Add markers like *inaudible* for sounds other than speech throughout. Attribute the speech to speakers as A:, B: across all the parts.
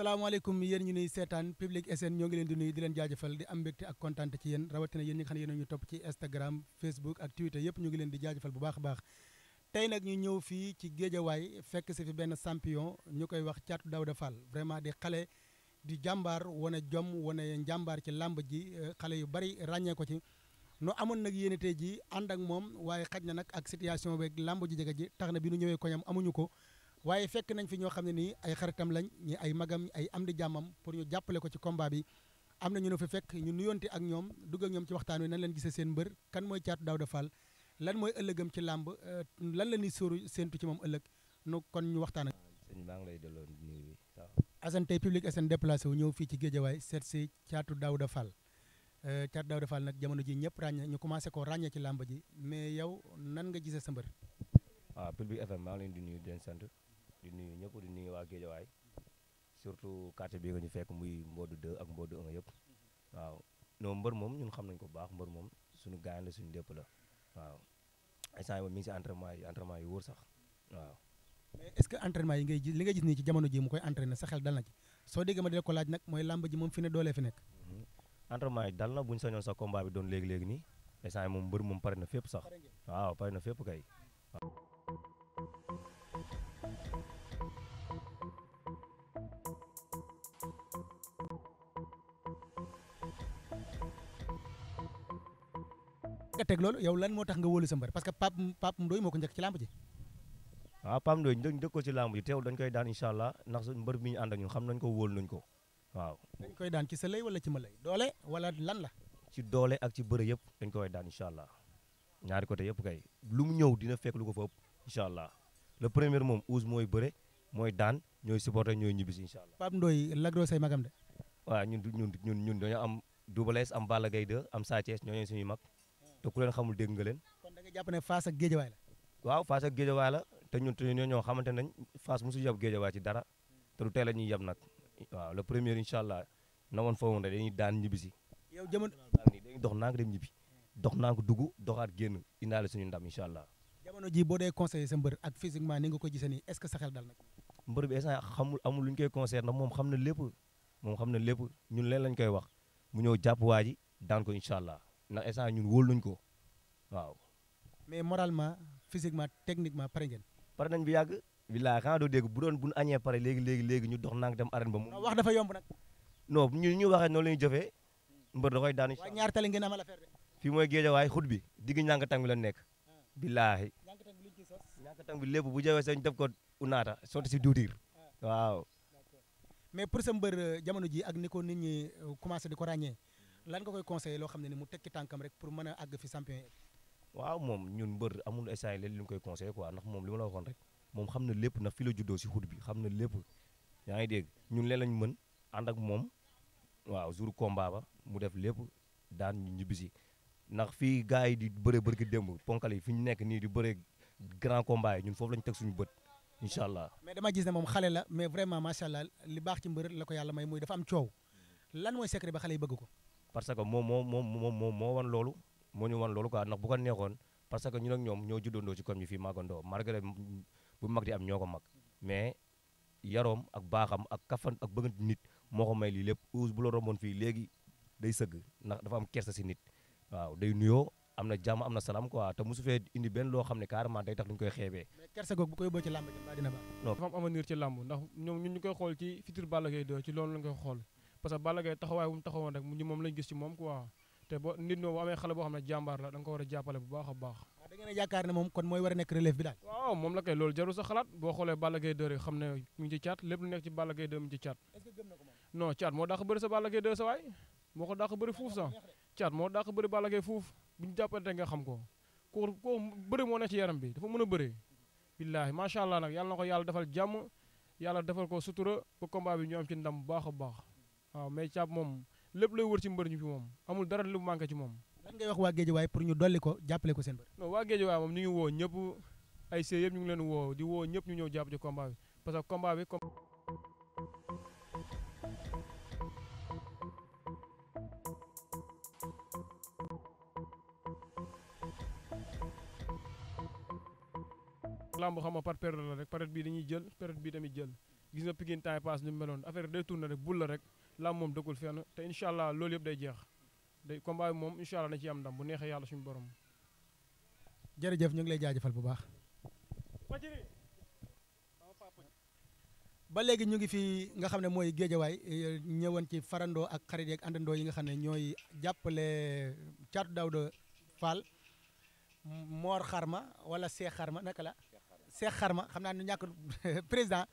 A: salaamaaleykum yéen ñu nuy seetaan Public SN ñoo ngi leen di nuyu di leen jaajëfal di am mbégte ak kontaan ci yéen rawatina yéen ñi nga xam ne yéen ñu topp ci Instagram Facebook ak Twitter yëpp ñu ngi leen di jaajëfal bu baax a baax tey nag ñu ñëw fii ci Géejawaay fekk si fi benn champion ñu koy wax Thiatou dawde fal vraiment di xale di jàmbaar wane jom wane njàmbaar ci làmb ji euh, xale yu bari ràññee ci nu amoon nag yéen tey ji ànd ak moom waaye xaj na nag ak situation beeg làmb ji jege ji tax na bi nu ñëwee koñam amuñu ko waaye fekk nañ fi ñoo xam ne nii ay xaritam lañ ñi ay magam ay am jàmmam pour ñu jàppale ko ci combat bi am na ñu ne fa fekk ñu nuyonte ak ñoom dugg ñoom ci waxtaan wi nan leen gisee seen mbër kan mooy Thiatou Daouda Fall lan mooy ëllëgam ci làmb euh, lan la ñuy sóoru séentu ci moom ëllëg nu kon ñu waxtaan ak.
B: sëñ maa ngi lay delloo nuyu bi waaw.
A: Assane tey public déplacé wu ñëw ci Géejawaay seet si Thiatou Daouda Fall euh, Thiatou Daouda Fall nag jamono ji ñëpp ràññee ñu commencé koo ràññee ci làmb ji mais yow nan nga gisee sa mbër.
B: waaw public FM maa ngi leen di nuyu di leen sant di nuyu ñëpp di nuyu waa waay surtout quartier bi nga ñu fekk muy mboodu 2 ak mboodu 1 yëpp waaw non mbër moom ñun xam nañ ko bu baax mbër moom suñu gaañ la suñu lépp la waaw instant yi moom mi ngi si entraînement yi entraînement yi wóor sax waaw
A: mais est-ce que entraînement yi ngay gis li nga gis nii ci jamono ji mu koy entraîné sa xel dal na ci soo déggee ma dee ko laaj nag mooy làmb ji moom fi ne doolee fi nekk
B: mm-hmm. entraînement yi dal na bu ñu sañoon sa combat bi doon léegi-léegi nii instant yi moom mbër moom pare na fépp sax waaw pare na fépp kay
A: nga teg loolu yow lan moo tax nga wóolu sa mbër parce que Pape Pape Ndoye moo ko njëkk ci làmb ji
B: waaw ah, Pape Ndoye njëkk ko ci làmb ji teewul dañ koy daan incha allah ndax suñ mbër bi ñu ànd ñun xam nañ ko wóolu nañ ko waaw dañ koy daan ci sa lay wala ci ma lay
A: doole wala lan
B: la ci doole ak ci bëre yëpp dañ koy daan incha allah ñaari côté yëpp kay lu mu ñëw dina fekk lu ko fa ëpp incha allah le premier moom ouz mooy bëre mooy daan ñooy supporter ñooy ñibbisi incha allah.
A: Pape lag lagro say magam de.
B: waaw ñun ñun ñun ñun dañoo am Double Less am Balla Gaye am Sa Thiès ñoo ñooy mag te ku leen xamul dégg nga leen.
A: kon da nga jàpp ne Fass ak Géejawaay la.
B: waaw Fass ak Géejawaay la te ñun te ñoo ñoo xamante nañ Fass mosu yab Géejawaay ci dara te du teel a ñuy yab nag waaw le premier incha allah na woon foofu rek dañuy daan ñibbi si. yow jamono dañuy dox naa ko dem ñibbi dox naa ko dugg doxaat génn indaale suñu ndam incha allah.
A: jamono ji boo dee conseiller sa mbër ak physiquement ko gisee nii est-ce que sa koy
B: conseiller ndax moom xam na lépp moom xam na lépp ñun leen lañ koy wax mu ñëw jàpp waa ji daan ko incha allah ndax instant ñun wóol nañ ko waaw.
A: mais moralement physiquement techniquement pare ngeen. pare nañ bi yàgg.
B: billaay a doo dégg bu doon bu ñu añee pare léegi léegi léegi ñu dox nang dem arène ba mu. wax dafa yomb nag. non ñu ñu waxee noonu la ñuy mbër da koy daan. waaye ñaar tali ngeen amal fii mooy géejawaay xut bi digg ñànk tàng bi la nekk. billaahi
C: ñànk
A: tàng
B: bi bu jawee sañ def ko unaata sotti si duutir ah. waaw.
A: mais pour sa mbër euh, jamono ji ak ni ko nit ñi euh, commencé di ko ràññee lan nga koy conseillé loo xam ne ni mu tekki tànkam rek pour mën a àgg fi champion waaw
B: moom ñun mbër amul instant yi leen lu ñu koy conseillé quoi ndax li ma la waxoon rek moom xam na lépp ndax fi la si xut bi xam na lépp yaa ngi dégg ñun leen lañ mën ànd ak moom waaw jour combat ba mu def lépp daan ñu ñibbisi ndax fii gars yi di bëree bërki démb ponkal yi fi ñu nekk nii di bëree grand combat yi ñun foofu lañ teg suñu bët incha allah
A: mais dama gis moom xale la mais vraiment macha allah li baax ci mbër la ko yàlla may muy dafa am coow lan mooy secret ba xale yi bëgg ko
B: parce que moom moo moom moom moo wan loolu moo ñu wan loolu quoi ndax bu ko neexoon parce que ñun ak ñoom ñoo juddandoo ci comme yi fii màggandoo malgré bu mag di am ko mag mais yaroom ak baaxam ak kafan ak bëggant nit moo ko may lii lépp use bu la romboon fii léegi day sëgg ndax dafa am si nit waaw day nuyoo am na jàmm am na salaam quoi indi benn loo xam ne carrément day tax duñ koy xeebee.
D: mais kersa googu bu koy boo ci làmb ji mbaa ñoom ñun ñu koy xool ci futur Balla Gaye 2 ci loolu lañ koy xool. parce que Balla Gaye taxawaay bu mu taxawoon rek ñu moom lañ gis ci moom quoi te boo nit ñoo bu amee xale boo xam ne jàmbaar la da ko war a jàppale bu baax a baax a yaakaar ne moom kon mooy war a nekk relève bi daal waaw moom la kay loolu jarul sa xalaat boo xoolee Balla Gaye 2 xam ne mu ngi ci caat lépp lu nekk ci Balla Gaye 2 mu ngi ci caat non caat moo dàq bëri sa Balla Gaye 2 sa waay moo ko dàq bëri fuuf sax caat moo dàq bëri Balla Gaye fuuf bu ñu jàppante nga xam ko ko ko moo nekk ci yaram bi dafa mën a bëri billaahi macha allah nag yàlla na ko yàlla defal jàmm yàlla defal ko sutura ba bi ñu am ci ndam baax a baax waaw mais Thiam moom lépp lay wër ci mbër ñu fi moom amul dara lu manqué ci moom.
A: lan ngay wax waa waaye pour ñu dolli ko jàppale ko seen bër.
D: non waa Géejawaay moom ñu ngi woo ñëpp ay see yëpp ñu ngi leen woo di woo ñëpp ñu ñëw jàpp ci combat bi parce que combat bi. lamb xam nga par période la rek période bii dañuy jël période bi tamit jël gis nga Pikine temps yi pass ñu meloon affaire day tourné rek bul la rek. lam moom dëggul fenn te incha allah loolu yëpp day jeex day combat bi moom incha allah na ci am ndam bu neexee yàlla suñu borom.
A: jërëjëf ñu ngi lay jaajëfal bu baax. ba léegi ñu ngi fi nga xam ne mooy géejawaay ñëwan ci farandoo ak xarit yeeg àndandoo yi nga xam ne ñooy jàppale Thiatou Daouda Fall Mor Xarma wala xar ma naka la xar ma xam naa nu ñàkk *laughs* président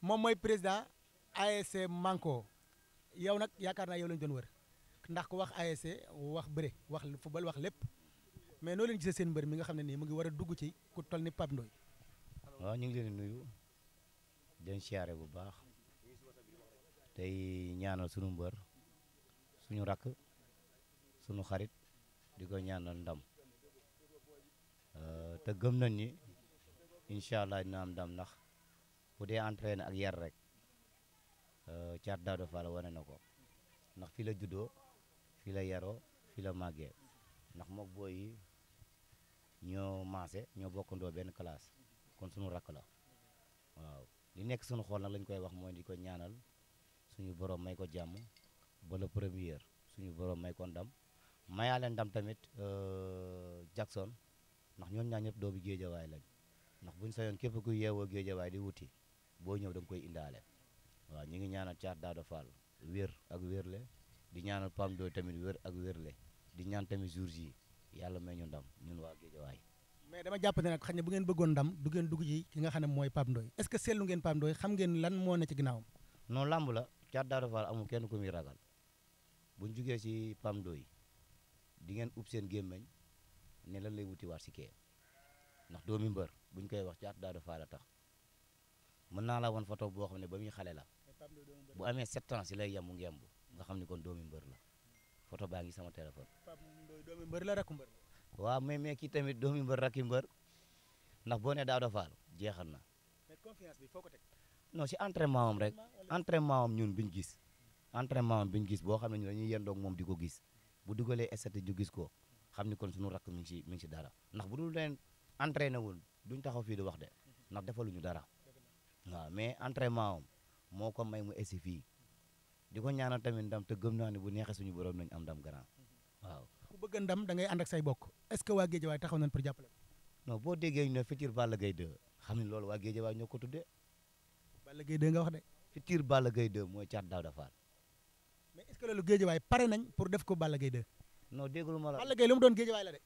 A: moom mooy président ASC Manko yow nak yakar na yow lañ doon wër ndax ku wax ASC wax bëre wax football wax lépp mais no leen gisé seen mbeur mi nga xamné ni mu ngi wara dugg ci ku toll ni Pape Ndoye
E: ñu ngi leen nuyu den bu baax tay ñaanal suñu mbeur suñu rak suñu xarit di ñaanal ndam euh, te gëm nañ ni inshallah allah dina am ndam nak bu dé entraîner ak yar rek Euh, Thiat Daouda Fall wane na ko ndax fi la juddoo fi la yaroo fi la màggee ndax mook booy ñoo maase ñoo bokkandoo benn classe kon sunu rakk la waaw nekk sunu xool nag lañ koy wax mooy di ko ñaanal suñu borom may ko jàmm ba premier suñu borom may ko ndam mayaale ndam tamit euh, Jackson ndax ñoom ñaar ñëpp doomu géejawaay lañ ndax buñ sañoon képp ku yeewoo géejawaay di wuti boo ñëw da koy indaale. waaw ñu ngi ñaanal Thiat daado Fall wér ak wérle di ñaanal Pam Doy tamit wér ak wérle di ñaan tamit jours yi yàlla may ñu ndam ñun waa waay
A: mais dama jàpp ne nag xëy na bu ngeen bëggoon ndam du ngeen dugg ci ki nga xam ne mooy Pam Doy est-ce que seetlu ngeen Pam Doy xam ngeen lan moo ne ci ginnaawam
E: noo làmb la Thiat daado Fall amu kenn ku muy ragal buñ jugee si Pam Doy di ngeen ub seen gémmeñ ne lan lay wutiwaat si kee ndax doomi mbër buñ koy wax Thiat Daouda Fall a tax mën naa la woon foto boo xam ne ba muy xale la bu amee sept ans si lay yem mu ngemb nga xam ni kon doomi mbër la photo baa ngi sama téléphone.
A: Pape Ndoye doomi mbër la rakku mbër.
E: waaw mais mais kii tamit doomi mbër rakki mbër ndax boo nee Daouda Fall jeexal na.
C: mais confiance bi foo ko teg.
E: non si entraînement am rek entraînement am ñun bi ñu gis entraînement am bi ñu gis boo xam ne ñu dañuy yendoog moom di ko gis bu dugalee estati ju gis ko xam ni kon suñu rakk mi ngi si mi ngi si dara ndax bu dul leen entraîné wul duñ taxaw fii di wax de ndax defaluñu dara waaw mais entraînement am moo ko may mu essi fii di ko ñaanal tamit ndam te gëm naa ne bu neexee suñu borom nañ am ndam grand
A: waaw. ku bëgg ndam da ngay ànd say bokk est-ce que waa Guédiawaye taxaw nañ pour jàppale
E: non boo déggee ñu ne futur Balla Gaye xam ne loolu waa Guédiawaye ñoo ko tuddee. Balla Gaye 2 nga wax de. futur Balla Gaye 2 mooy caat daaw dafaal.
A: mais est-ce que loolu pare nañ pour def ko Balla Gaye noo non déglu ma la Balla Gaye lu mu doon Guédiawaye la de.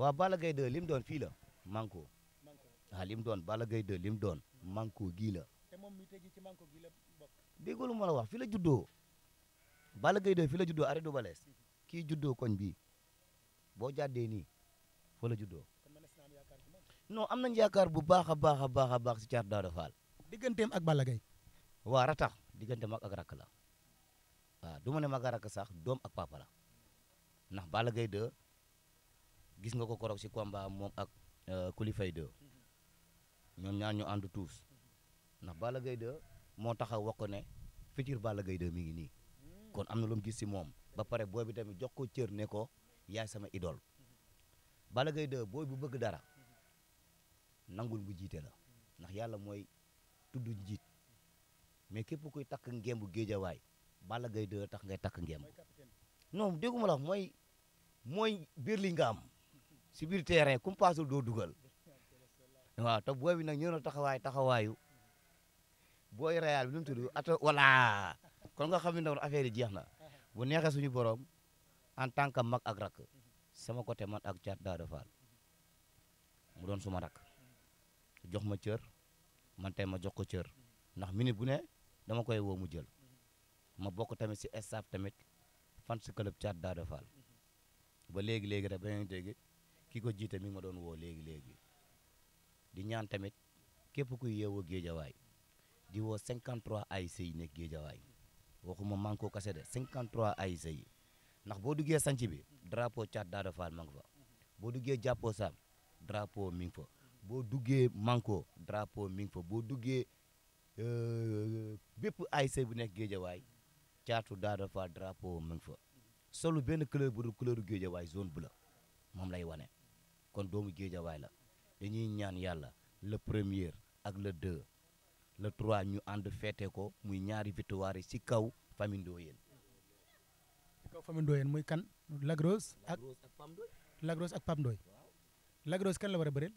E: waa Balla Gaye 2 li mu doon fii la manko. manko waaw ah, li mu doon Balla Gaye li mu doon manko gii la.
A: moom mi tegi ci manko gi la bokk
E: déggoo lu ma la wax fi la juddoo Balla Gaye 2 fi la juddoo arrêt du balees kii juddoo koñ bii boo jàddee nii fa la juddoo non am nañ bu baax a baax a baax a baax si caat
A: Daouda
E: ak Balla Gaye waa ratax digganteem ak ak rakk la waaw du ne sax ak papa la ndax Balla Gaye gis nga ko korok si combat moom ak Kulifay euh, 2 mhm. ñoom ñaar ñu tous ndax Balla Gaye 2 moo taxaw wax ko ne futur Balla gay 2 mi ngi nii kon am na loom gis si moom ba pare booy bi tamit jox ko cër ne ko yaay sama idole Balla gay 2 booy bu bëgg dara nangul bu jiite la ndax yàlla mooy tuddu jiit mais képp kuy takk ngemb géejawaay Balla Gaye 2 tax ngay takk ngemb non dégguma la mooy mooy biir li nga am si biir terrain ku mu doo dugal waaw te booy bi nag ñëw na taxawaay booy royal bi nu mu tudd ato voilà kon nga xam ne nag affaire yi jeex na bu neexee suñu borom en tant que mag ak rak sama côté man ak caat Daouda Fall mu doon suma rak jox ma cër man tey ma jox ko cër ndax minute bu ne dama koy woo mu jël ma bokk tamit si staff tamit fan si club Thiat Daouda Fall ba léegi léegi rek ba ngeen dégg ki ko jiite mi ma doon woo léegi léegi di ñaan tamit képp kuy yeewoo géejawaay di woo 53 ASC yi nekk Géejawaay waxuma maa ko kase de 53 ASC yi ndax boo duggee sanc bi drapeau Thiat Daada Fall ma ngi fa boo duggee jàppoo Sam drapeau mi ngi fa boo duggee manko drapo mi ngi fa boo duggee euh, bépp ASC bu nekk Géejawaay Thiatu Daada Fall drapeau mi ngi fa solu benn couleur bu dul couleur Géejawaay zone bleue moom lay wane kon doomu Géejawaay la dañuy ñaan yàlla le premier ak le deux le 3 ñu ànd feete ko muy ñaari victoire si kaw famille Ndoyeen.
A: si kaw famille Ndoyeen muy kan. Lagros ak Lagros ak Pam Ndoy Lagros kan la war a bëreel.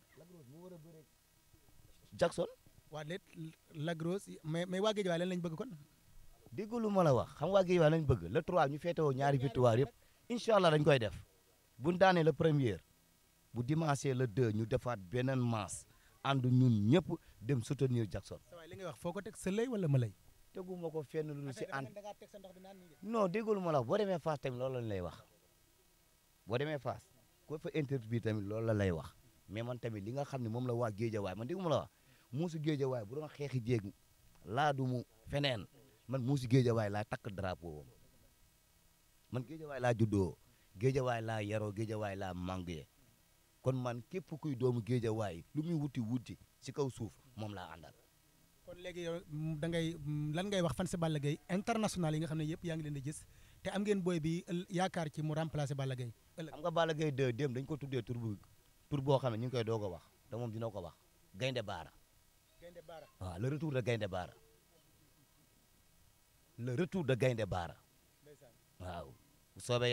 A: Jackson. waa léet mais mais waa Géejawaay lañ bëgg kon. déggu lu ma la wax xam waa Géejawaay lañ bëgg le 3 ñu feetewoo
E: ñaari victoire yëpp incha allah dañ koy def bu daanee le premier bu dimanche le 2 ñu defaat beneen masse ànd ñun ñëpp. dem soutenir Jackson.
A: waaye li ngay wax foo ko teg sa lay wala ma lay. teguma ko fenn lu si ànd
E: non déggul ma la boo demee Fass tamit loolu lañ lay wax boo demee Fass ko fa interview tamit loolu la lay wax mais man tamit li nga xam ne moom la waa Géejawaay man dégguma la wax muusi Géejawaay bu doon xeexi jéeg laa du mu feneen man muusi Géejawaay laa takk drapeau am man Géejawaay laa juddoo Géejawaay laa yaroo Géejawaay laa màngee kon man képp kuy doomu Géejawaay lu muy wuti wuti si kaw suuf moom laa àndal.
A: kon léegi mm, da ngay mm, lan ngay wax fan si Balla Gaye international yi nga xam ne yëpp yaa ngi leen di gis te am ngeen booy bi yaakaar ci mu remplacer bala Gaye.
E: am nga Balla gay 2 démb dañ ko tuddee tur bu tur xam ne ñu ngi doog a wax te moom dina ko wax Gaynde Baara. Gaynde Baara waaw le de Gaynde Baara retour de Gaynde Baara waaw.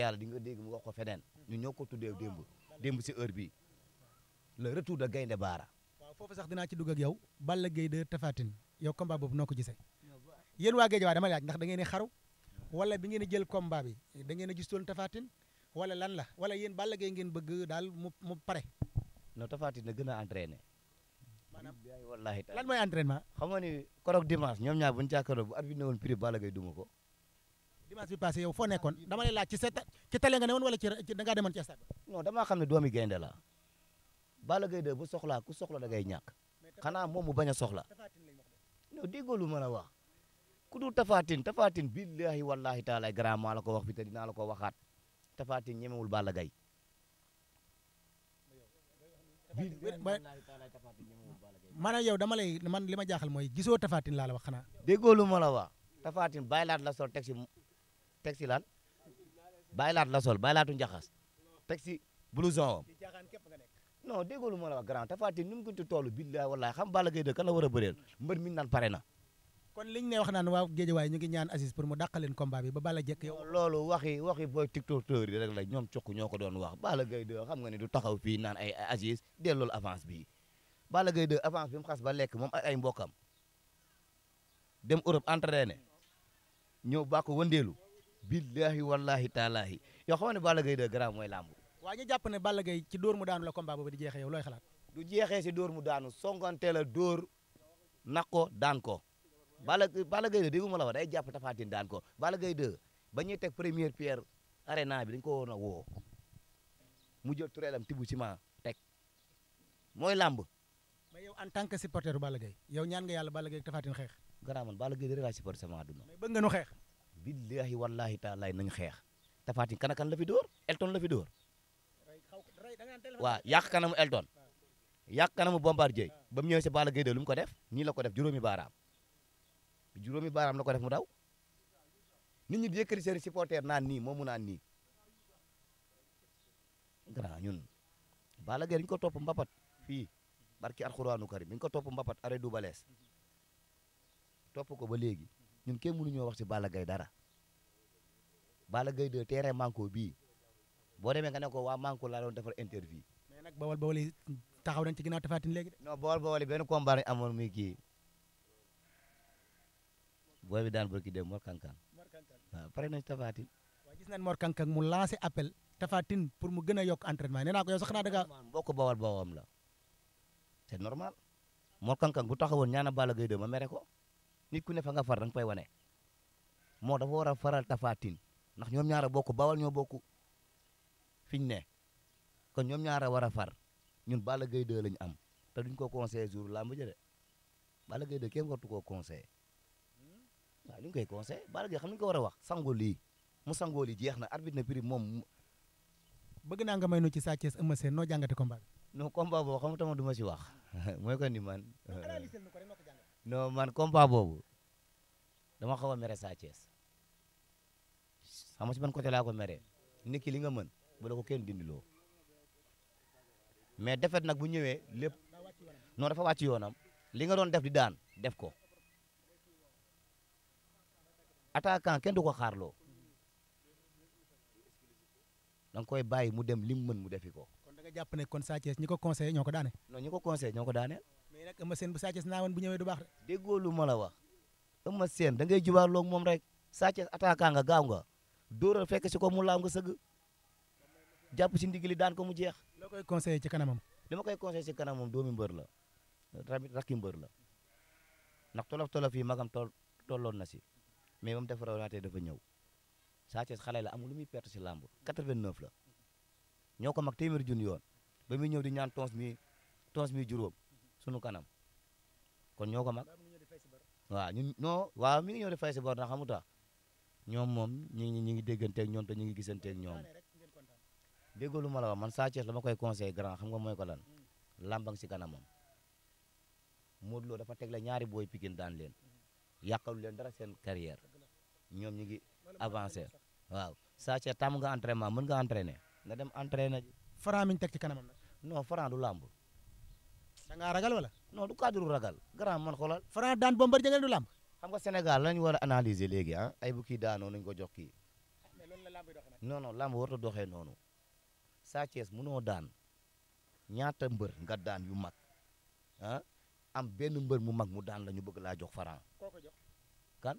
E: yàlla di nga dégg mu wax ko feneen ñu ñoo ko tuddee démb oh, démb si heure bii
A: le retour de Gaynde Baara. foofu sax dinaa ci dugg yow Balla Gaye 2 Tapha Tine yow combat boobu noo ko gisee yéen waa Guédiawaye dama laaj ndax da ngeen di xaru wala bi ngeen di jël combat bi da ngeen a gistoon Tapha Tine wala lan la wala yéen Balla Gaye ngeen bëgg daal mu mu pare. non Tapha Tine na gën a entraîné. maanaam wallaahi lan mooy entraînement. xam nga ni koroog
E: dimanche ñoom ñaar bu ñu jàkkaarloo bu at bi newoon prix Balla Gaye duma ko.
A: dimanche bi passé yow foo nekkoon dama lay laaj ci sa ci télé nga newoon wala ci da ngaa demoon ci stade. non xam ne doomi gaynde la Balla
E: Gaye 2 bu soxlaa ku soxla da ngay ñàkk xanaa moom mu bañ a soxla non déggoo lu mën a wax ku dul tafaatin tafaatin billahi wallahi taala grand la ko wax fi te dinaa
A: la ko waxaat tafaatin ñemewul Balla Gaye man yow dama lay man li ma jaaxal mooy gisoo tafaatin laa la wax xanaa
E: déggoo lu ma la wax tafaatin bàyyi la sol teg si teg si lan la sol bàyyi laatu njaxas teg si non déggoo lu ma la wax grand Tapha Tine ni mu toolu billaay wallaay xam Balla Gaye de kan la war a bëreel mbër mi naan pare na.
A: kon liñ ne wax naan waa Géejawaay ñu ngi ñaan Aziz pour mu dàqaleen combat bi ba Balla jekk yow. loolu waxi
E: waxi booy tiktokeur yi rek la ñoom cokk ñoo ko doon wax Balla Gaye de xam nga ne du taxaw fii naan ay Aziz delloo avance bi Balla Gaye de avance bi mu xas ba lekk moom ay mbokkam dem Europe entraîné ñëw baa ko wëndeelu. billahi wallahi taalahi yoo ne Balla Gaye de mooy làmb
A: waa ñu jàpp ne Balla Gaye ci dóor mu daanu la combat ba di jeexee yow looy xalaat. du jeexee si dóor mu daanu songante la dóor naq ko daan ko.
E: Balla Balla Gaye 2 la wax day jàpp Tapha Tine daan ko Balla Gaye 2 ba ñuy teg première pierre arena bi dañ ko woon a woo mu jël tureelam tibu ciment teg mooy làmb.
A: mais yow en tant que supporteru Balla Gaye yow ñaan nga yàlla Balla Gaye Tapha Tine xeex.
E: gannaaw man Balla Gaye 2 rek laa supporter sama àdduna. mais bëgg nga nu xeex. billahi wallahi taalaay nañ xeex. Tapha kan kan la fi dóor waaw yàq kanamu Elton yàq kanamu Bombardier ba mu ñëw si Balla lu mu ko def ni la ko def juróomi baaraam juróomi baaraam la ko def mu daw nit ñi di yëkkati seen supporter naan nii moomu naan nii grand ñun bala Gaye dañu ko topp mbapat fii barki alxuraanu karim dañu ko topp mbapat arrêt du balees topp ko ba léegi ñun kenn mënuñoo wax si bala gay dara bala gay de terrain manko bii boo demee nga ne ko waa manko laa doon defal interview.
A: mais nag bawal bawal yi
E: taxaw nañ ci ginnaaw Tapha Tine léegi de. non bawal bawal amoon muy kii
A: bi daan barki dem Mor
E: Kankan
C: waaw
A: pare nañ Tapha Tine. waaw gis nañ Mor Kankan mu lancé appel Tapha Tine pour mu gën a yokk entraînement yi nee naa ko yow sax naa dëgg. mbokk bawal
E: la c'est normal Mor Kankan bu taxawoon ñaana Balla Gaye de ma mere ko nit ku ne fa nga far da nga koy wane moo dafa war a faral Tapha Tine ndax ñoom ñaara bokk bawal ñoo bokk. fi ñu ne kon ñoom ñaara war a far ñun Balla Gaye 2 lañ am te duñ ko conseillé jour làmb ja de Balla Gaye 2 kenn wartu koo conseillé waaw li ñu koy conseillé Balla Gaye xam ni ko war a wax sango lii mu sangoo lii jeex na
A: arbitre na prix moom. bëgg naa nga may nu ci Sa Thiès noo jàngate combat bi.
E: non combat boobu xam nga tamit du ma si wax *laughs* mooy ko ni man. Euh, non man combat boobu dama xaw a mere Sa Thiès xam nga si ban côté laa ko mën. bu la ko kenn dindiloo mais defet nag bu ñëwee lépp non dafa wàcc yoonam li nga doon def di daan def ko attaquant kenn du ko xaarloo da nga koy mu dem lim mën mu defi ko.
A: kon da nga jàpp ne kon Sa ñu ko conseillé ñoo ko daane. non ñi ko conseillé ñoo ko daane. mais nag Eumeu Sène bu
E: Sa Thiès naa woon bu ñëwee du baax de. déggoo lu ma la wax Eumeu Sène da ngay jubaarloo moom rek Sa Thiès attaquant nga gaaw nga dóoral fekk ko mu laaw nga sëgg. japp ci ndigli daan ko mu jeex.
A: la koy conseiller ci kanamam.
E: dama koy conseiller ci kanamam doomi mbeur la tamit rakki mbeur la nak tolof tolof yi magam tol tolon na ci mais bam mu defaroo dafa ñew Sa ci xalé la amul lu muy perte ci làmb 89 la ñoko mak témer jun yoon ba muy ñëw di ñaan tons mi tons mi juróom sunu kanam kon ñoko mak wa ñun no wa mi ñew di fay ci bor na xamuta ñom mom ñi ñi ngi deggante ak ñom te ñi ngi gisante ak ñom déggoo mala ma wax man Sa Thiès dama koy conseil grand xam nga moy ko lan lambang si kanam mom modlo dafa teg la ñaari boy Pikine dan len yakalu len dara sen carrière ñom ñi ngi avancer waaw Sa Thiès tam nga entraînement mën nga entraîner nga dem entraîner faram ñu ci kanam non faram du lamb. da nga ragal wala. non du cadre ragal grand man faram dan dan Bombardier ngeen du lamb. xam nga senegal lañ wara analyser léegi ah ay bu ki daano nañ ko jox ki non non lamb Sa Thiès munoo daan ñaata mbër nga daan yu mag ah am benn mbër mu mag mu daan la ñu bëgg laa jox kan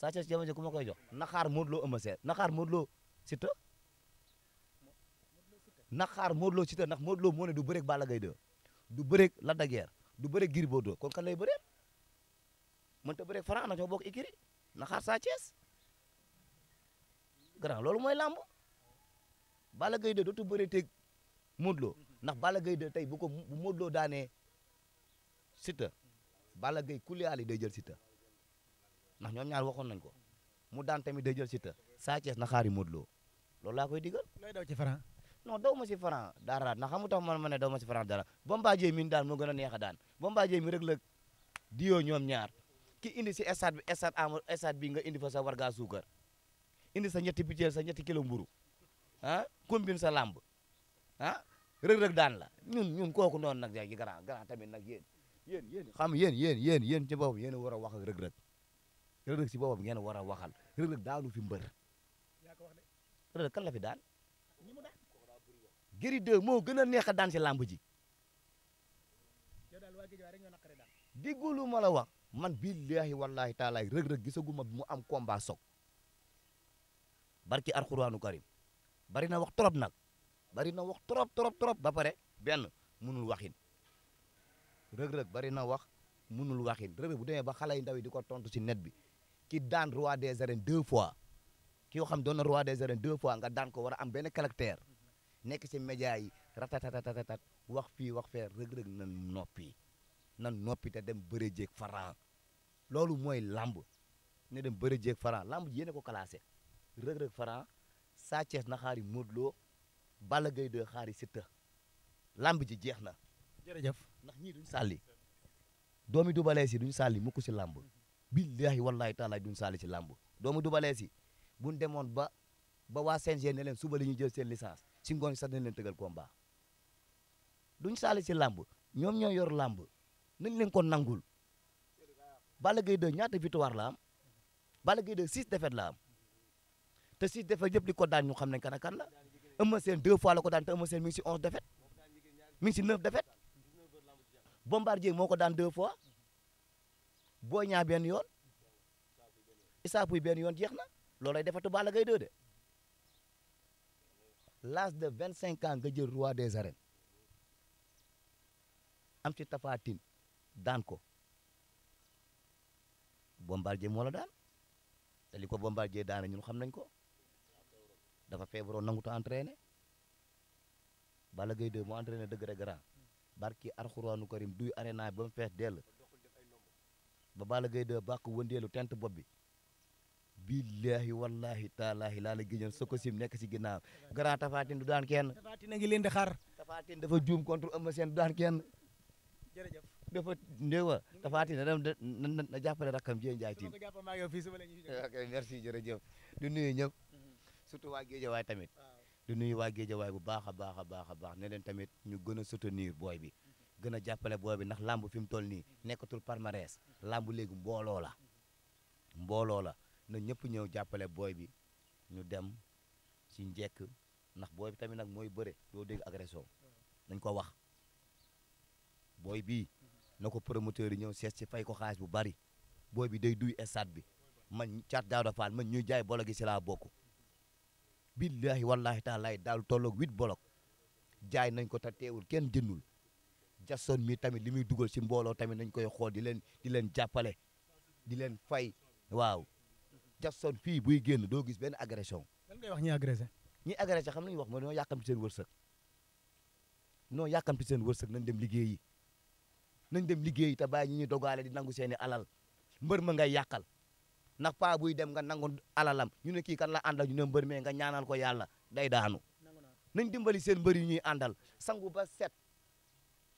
E: Sa Thiès jamono ji ku ma koy jox naxaar Modou Lo Eumeu Sène naxaar Modou Lo Siteu naxaar Modou Lo ndax Modou moo ne du bëreeg Balla Gaye 2 du bëreeg la de du bëreeg Gris Bordeaux kon kan lay bëreel ta bëreeg Franc na ñoo bokk écurie naxaar Sa grand loolu mooy làmb Balla Gaye 2 dootu bëre teg Modou Lo ndax bala Gaye 2 tey bu ko bu Modou Lo daanee Siteu Balla Gaye kuliyaal yi day jël Siteu ndax ñoom ñaar waxoon nañ ko mu daan tamit day jël Siteu Sa Thiès na xaari Modou Lo loolu laa koy digal. looy daw ci Franc. noo daw ma si Franc dara ndax xamu tax man ma ne daw ma si Franc dara Bombardier mi daan moo gën a neex a daan Bombardier mi rek la diyoo ñoom ñaar ki indi si stade bi stade am bi nga indi fa sa warga suukar indi sa ñetti butéel sa ñetti kilo mburu ah combine sa làmb ah rëg-rëg daan la ñun ñun kooku noonu nag yi grand grand tamit nag yéen yéen yéen xam yéen yéen yéen yéen ci boppam yéen a war a wax ak rëg-rëg rëg-rëg si boppam ngeen war a waxal rëg-rëg daanu fi mbër rëg-rëg kan la fi daan Gris 2 moo gën a neex a daan si làmb ji diggulu ma la wax man billahi wallahi taalaay rëg-rëg gisaguma bi mu am combat soog barki alxuraanu karim bari na wax trop nag bari na wax trop trop trop ba pare benn munul waxin rëg-rëg bari na wax munul waxin rëg bu demee ba xale yu ndaw yi di ko tontu si net bi ki daan roi des arènes deux fois ki yoo xam doon na roi des arènes deux fois nga daan ko war a am benn caractère nekk si média yi ratatatatatat wax fi wax fee rëg-rëg nan noppi nan noppi te dem bëre jéeg Franc loolu mooy lamb ne dem bëre jéeg Franc lamb ji yéene ko classé rëg-rëg Franc Sa Thiès na xaari Modou Lo Balla Gaye xaari Siteu lamb ji jeex na. jërëjëf ndax ñii duñ sàlli doomi Double Less yi duñ sàlli mukk si làmb billaahi wallaahi taalaay duñ sàlli si làmb doomi Double Less yi buñ demoon ba ba waa CNG ne leen suba la ñuy jël seen licence si ngoon sax nañ leen tëgal combat duñ sàlli si làmb ñoom ñoo yor làmb nañ leen nangul bala Gaye 2 ñaata victoire lam bala Balla Gaye 2 six défaites te si defe yëpp li ko daan ñu xam ne kan ak kan la Eumeu la ko daan te Eumeu Sène mi si onze défaites mi si neuf défaites Bombardier moo ko daan deux fois Boy Niang benn yoon Issa Pouye benn yoon jeex na loolay defatu Balla Gaye 2 de l'âge de vingt cinq ans nga jël roi des arènes am ci Tapha Tine daan ko Bombardier moo la daan te li ko Bombardier daana ñun xam nañ ko dafa feebaroon nanguta entraîné Balla gay 2 mu entraîné dëgg rek grand barki Alxuraanu Karim duy arena ba mu fees dell ba Balla gay 2 bàq wëndeelu tent bob bi billahi wallahi taalaahi laa la géñal soko sim nekk si ginnaaw grand Taphatine du daan kenn Taphatine a ngi leen di xaar
C: Taphatine dafa juum contre
E: Eumeu Sène du daan kenn jërëjëf dafa ndewa Taphatine na na na jàppale rakkam Dieng Ndiaye Tine
A: ok merci jërëjëf
E: du nuyu ñëpp surtout waa Géejawaay tamit di nuyu waa Géejawaay bu baax a baax a baax a baax ne leen tamit ñu gën a soutenir booy bi mhm. gën a jàppale booy bi ndax làmb fi mu toll nii mhm. nekkatul palmarès mhm. làmb léegi mbooloo la mbooloo la na ñëpp ñëw jàppale booy bi ñu dem ci njekk ndax booy bi tamit nag mooy bëre doo dégg agression dañ ko wax booy bi na ko promoteur yi ñëw sees si fay ko xaalis bu bari booy bi day duy stade bi ma caat daaw dafaal man ñuy jaay bolo gi si laa bokk billaahi wallaahi taalaay daal tolloog huit bolok jaay nañ ko te teewul kenn jëndul Jackson mi tamit li muy dugal si mbooloo tamit nañ koy xool di leen di leen jàppale di leen fay waaw Jackson fii buy génn doo gis benn agression.
A: lan ngay wax ñi agressé.
E: ñi agressé xam nañu wax mooy noo yàkkamti seen wërsëg noo yàkkamti seen wërsëg nañ dem liggéeyi nañ dem liggéeyi te bàyyi ñi ñu dogaale di nangu seeni alal mbër ma ngay yàqal. ndax paa buy dem nga nangu alalam ñu ne kii kan la àndal ñu ne mbër me nga ñaanal ko yàlla day daanu nañ dimbali seen mbër yu ñuy àndal sangu ba set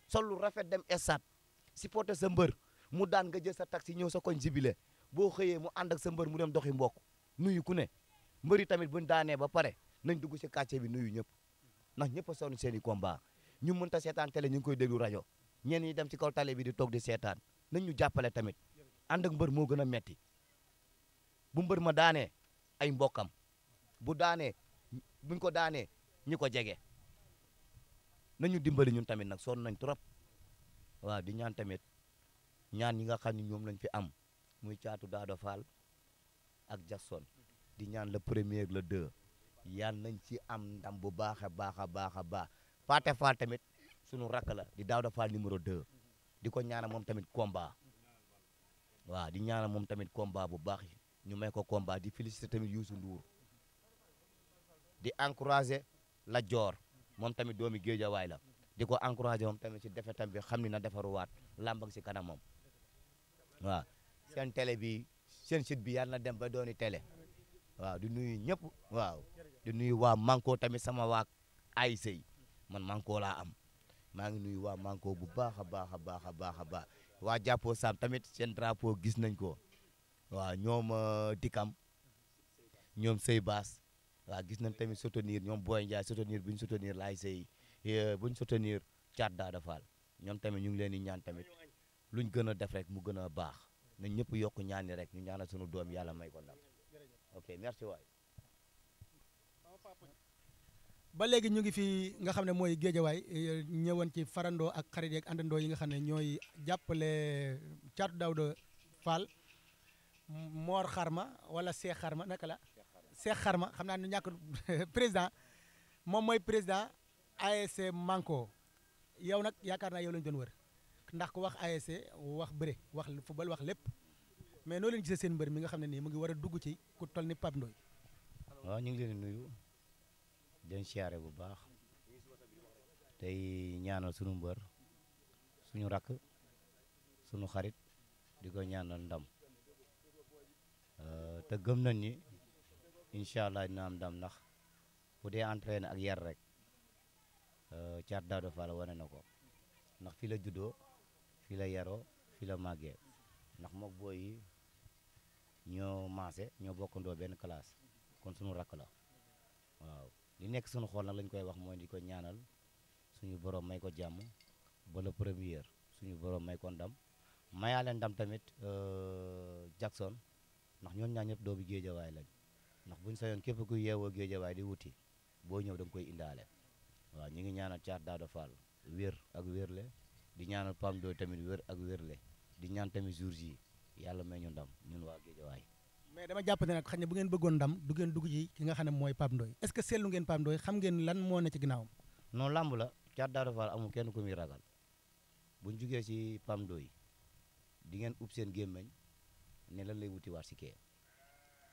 E: sol lu rafet dem si supporter sa mbër mu daan nga jël sa taxi ñëw sa koñ jibile boo xëyee mu ànd ak sa mbër mu dem doxi mbokk nuyu ku ne mbër yi tamit buñ daanee ba pare nañ dugg si quartier bi nuyu ñëpp ndax ñëpp a sonn seen i combat ñu ta seetaan télé ñu ngi koy déglu rajo ñenn ñi dem ci kaw tale bi di toog di seetaan ñu jàppale tamit gën a metti bu mbër ma daane ay mbokkam bu daanee buñ ko daanee ñi ko jege nañu dimbali ñun tamit nag sonn nañ trop waaw di ñaan tamit ñaan yi nga xam ne ñoom lañ fi am muy caatu Daado Fall ak Jackson di ñaan le premier le deux yal nañ ci am dam bu baax a baax a baax a baax Pathé Fall tamit sunu rakk la di Daado Fall numéro deux di ko ñaanal moom tamit combat waaw di ñaanal moom tamit combat bu baax yi ñu may ko combat di féliciter tamit Youssou Ndour di encourager Lat Dior moom tamit doomi waay la di ko encourager moom tamit ci defetam bi xam ni na defaruwaat làmb ak ci kanamam waaw seen télé bi seen site bi yàlla na dem ba dooni tele waa di nuyu ñëpp waaw di nuyu waa Manko tamit sama waa ay sëy man Manko laa am maa ngi nuyu waa Manko bu baax a baax a baax a baax a baax waa jàppoo saam tamit seen drapeau gis nañ ko waaw ñoom euh, Dikam ñoom Sey Baas waaw gis nañ tamit soutenir ñoom Boy Ndiaye soutenir bu ñu soutenir laay Sey euh, bu ñu soutenir Thiat Daada Fall ñoom tamit ñu ngi leen di ñaan tamit luñ gën a def rek mu gën a baax nañ ñëpp yokk ñaan ñaani rek ñu ñaanal sunu doom yàlla may ko ndam ok merci waay.
A: ba léegi ñu ngi fi nga xam ne mooy géejawaay ñëwoon ci farandoo ak xarit yeeg àndandoo yi nga xam ne ñooy jàppale Thiatou Daouda Fall. Moor Xarma wala Seex Xarma naka la Seex Xarma xam naa nu ñàkk *laughs* président moom mooy président ASC Manko yow nag yaakaar naa yow lañu doon wër ndax ku wax ASC wax bëre wax football wax lépp mais noo leen seen mbër mi nga xam ne nii mu ngi war a dugg ci ku tol ni Pape Ndoye
E: waaw ñu ngi leen nuyu den siyaare bu baax tey ñaanal sunu mbër suñu rakk sunu xarit di ko ñaanal ndam Euh, te gëm nañ ni incha allah dina am ndam ndax bu dee entraîné ak yar rek euh, Thiatou Daouda Fall wane na ko ndax fii la juddoo fii la yaroo fii la màggee ndax mook booy ñoo maase ñoo bokkandoo benn classe kon sunu rakk la waaw li nekk sunu xool nag lañ koy wax mooy di ko ñaanal suñu borom may ko jàmm ba premier suñu borom may ko ndam mayaa ndam tamit euh, Jackson ndax ñoom ñaar ñëpp doomu waay lañ ndax bu sañoon képp ku yeewoo waay di wuti boo ñëw da nga koy indaale waaw ñu ngi ñaanal Thiat Daouda Fall wér ak le di ñaanal Pam Doy tamit wér ak le di ñaan tamit jours yi yàlla me ñu ndam ñun waa géejawaay
A: mais dama jàpp ne nag xëy na bu ngeen bëggoon ndam du ngeen dugg ci ki nga xam ne mooy Pam Doy est-ce que seetlu ngeen Pam Doy xam ngeen lan moo ne ci ginnaawam
E: noo làmb la Thiat Daouda Fall amul kenn ku muy ragal buñ jugee si Pam Doy di ngeen ub seen gémmeñ ne lan lay wutiwaat si kee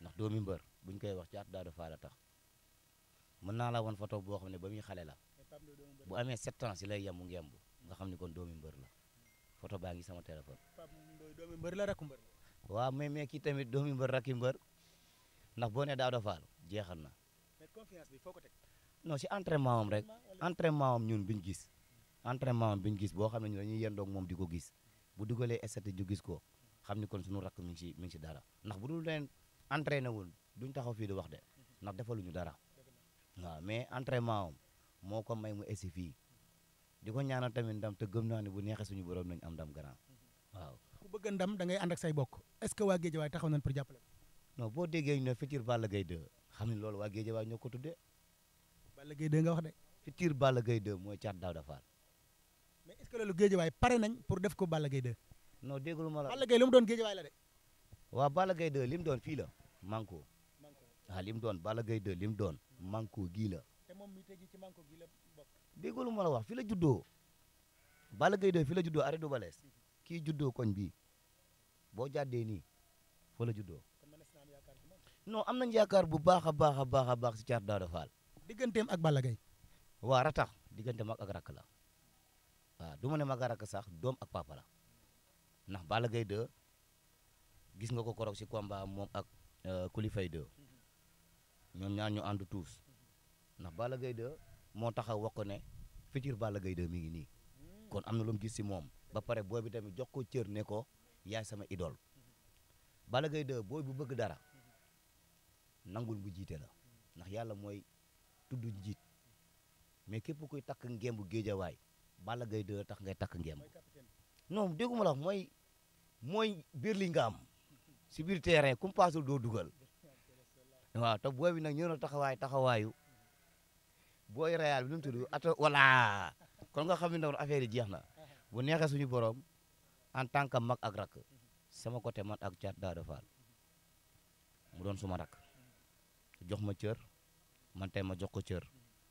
E: ndax doomi mbër buñ koy wax caatu Daouda Fall la tax mën naa la woon photo boo xam ne ba muy xale la bu amee sept ans si lay yem ngemb nga xam ne kon doomi mbër la photo baa ngi sama téléphone.
A: Pape Ndoye la rakku mbër.
E: waaw mais mais kii tamit doomi mbër rakki mbër ndax boo ne Daouda Fall jeexal na.
C: mais confiance bi foo
E: si entraînement am rek entraînement am ñun ñu gis entraînement bi ñu gis boo xam ne ñun dañuy moom di ko gis bu dugalee esthétique ju gis ko. xam ni kon suñu rakk mi ngi si ngi si dara ndax bu dul leen entraîné wul duñ taxaw fii di wax de ndax defaluñu dara waaw mais entraînement am moo ko may mu essi fii di ko ñaanal tamit ndam te gëm naa ne bu neexee suñu borom nañ am ndam grand
A: waaw. ku bëgg ndam ngay ànd ak say bokk
E: est-ce que waa Guédiawaye taxaw nañ pour jàppale. non boo déggee ñu ne futur Balla Gaye 2 xam ne loolu waa Guédiawaye ñoo ko tuddee. Balla Gaye 2 nga wax de. futur Balla Gaye mooy caat daaw dafaal.
A: mais est-ce que pare nañ pour def ko Balla Gaye non dégglu ma la. Balla mu doon géej waay la de.
E: waaw Balla li mu doon fii la manko waaw ah, li mu doon Balla Gaye 2 li mu doon manko gii la.
A: te moom mi ci manko gii la
E: ma wax fi la juddoo Balla Gaye 2 fi la juddoo arrêté du balees kii juddoo koñ bii boo jàddee nii fa la juddoo. non am nañ yaakaar bu baax a baax a baax a baax si caat Daouda Fall. digganteem ak Balla Gaye. waa ratax digganteem ak ak rakk la waaw du ma ne mag a doom ak papa ndax bala gay 2 gis nga ko korok si combat moom ak euh, Coly Faye 2 mm-hmm. ñoom ñaar ñu ànd tous mm-hmm. ndax bala gay 2 moo taxaw wax ko ne futur Balla Gaye 2 mi ngi nii mm. kon am na lu gis si moom ba pare booy bi tamit jox ko cër ne ko yaay sama idole bala gay 2 booy bu bëgg dara mm-hmm. nangul bu jiite la ndax yàlla mooy tudd njiit mais képp kuy takk ngemb géejawaay Balla Gaye 2 tax ngay takk ngemb non dégguma la mooy mooy biir li si biir terrain kum paasul doo dugal waaw te booy bi nag ñëw na taxawaay taxawaayu booy reyal bi nu mu tudd ato voilà kon nga xam ne ndaw affaire yi jeex na bu neexee suñu borom en tant que mag ak rak sama côté man ak Thiat Daouda Fall mu doon suma rak jox ma cër man tey ma jox ko cër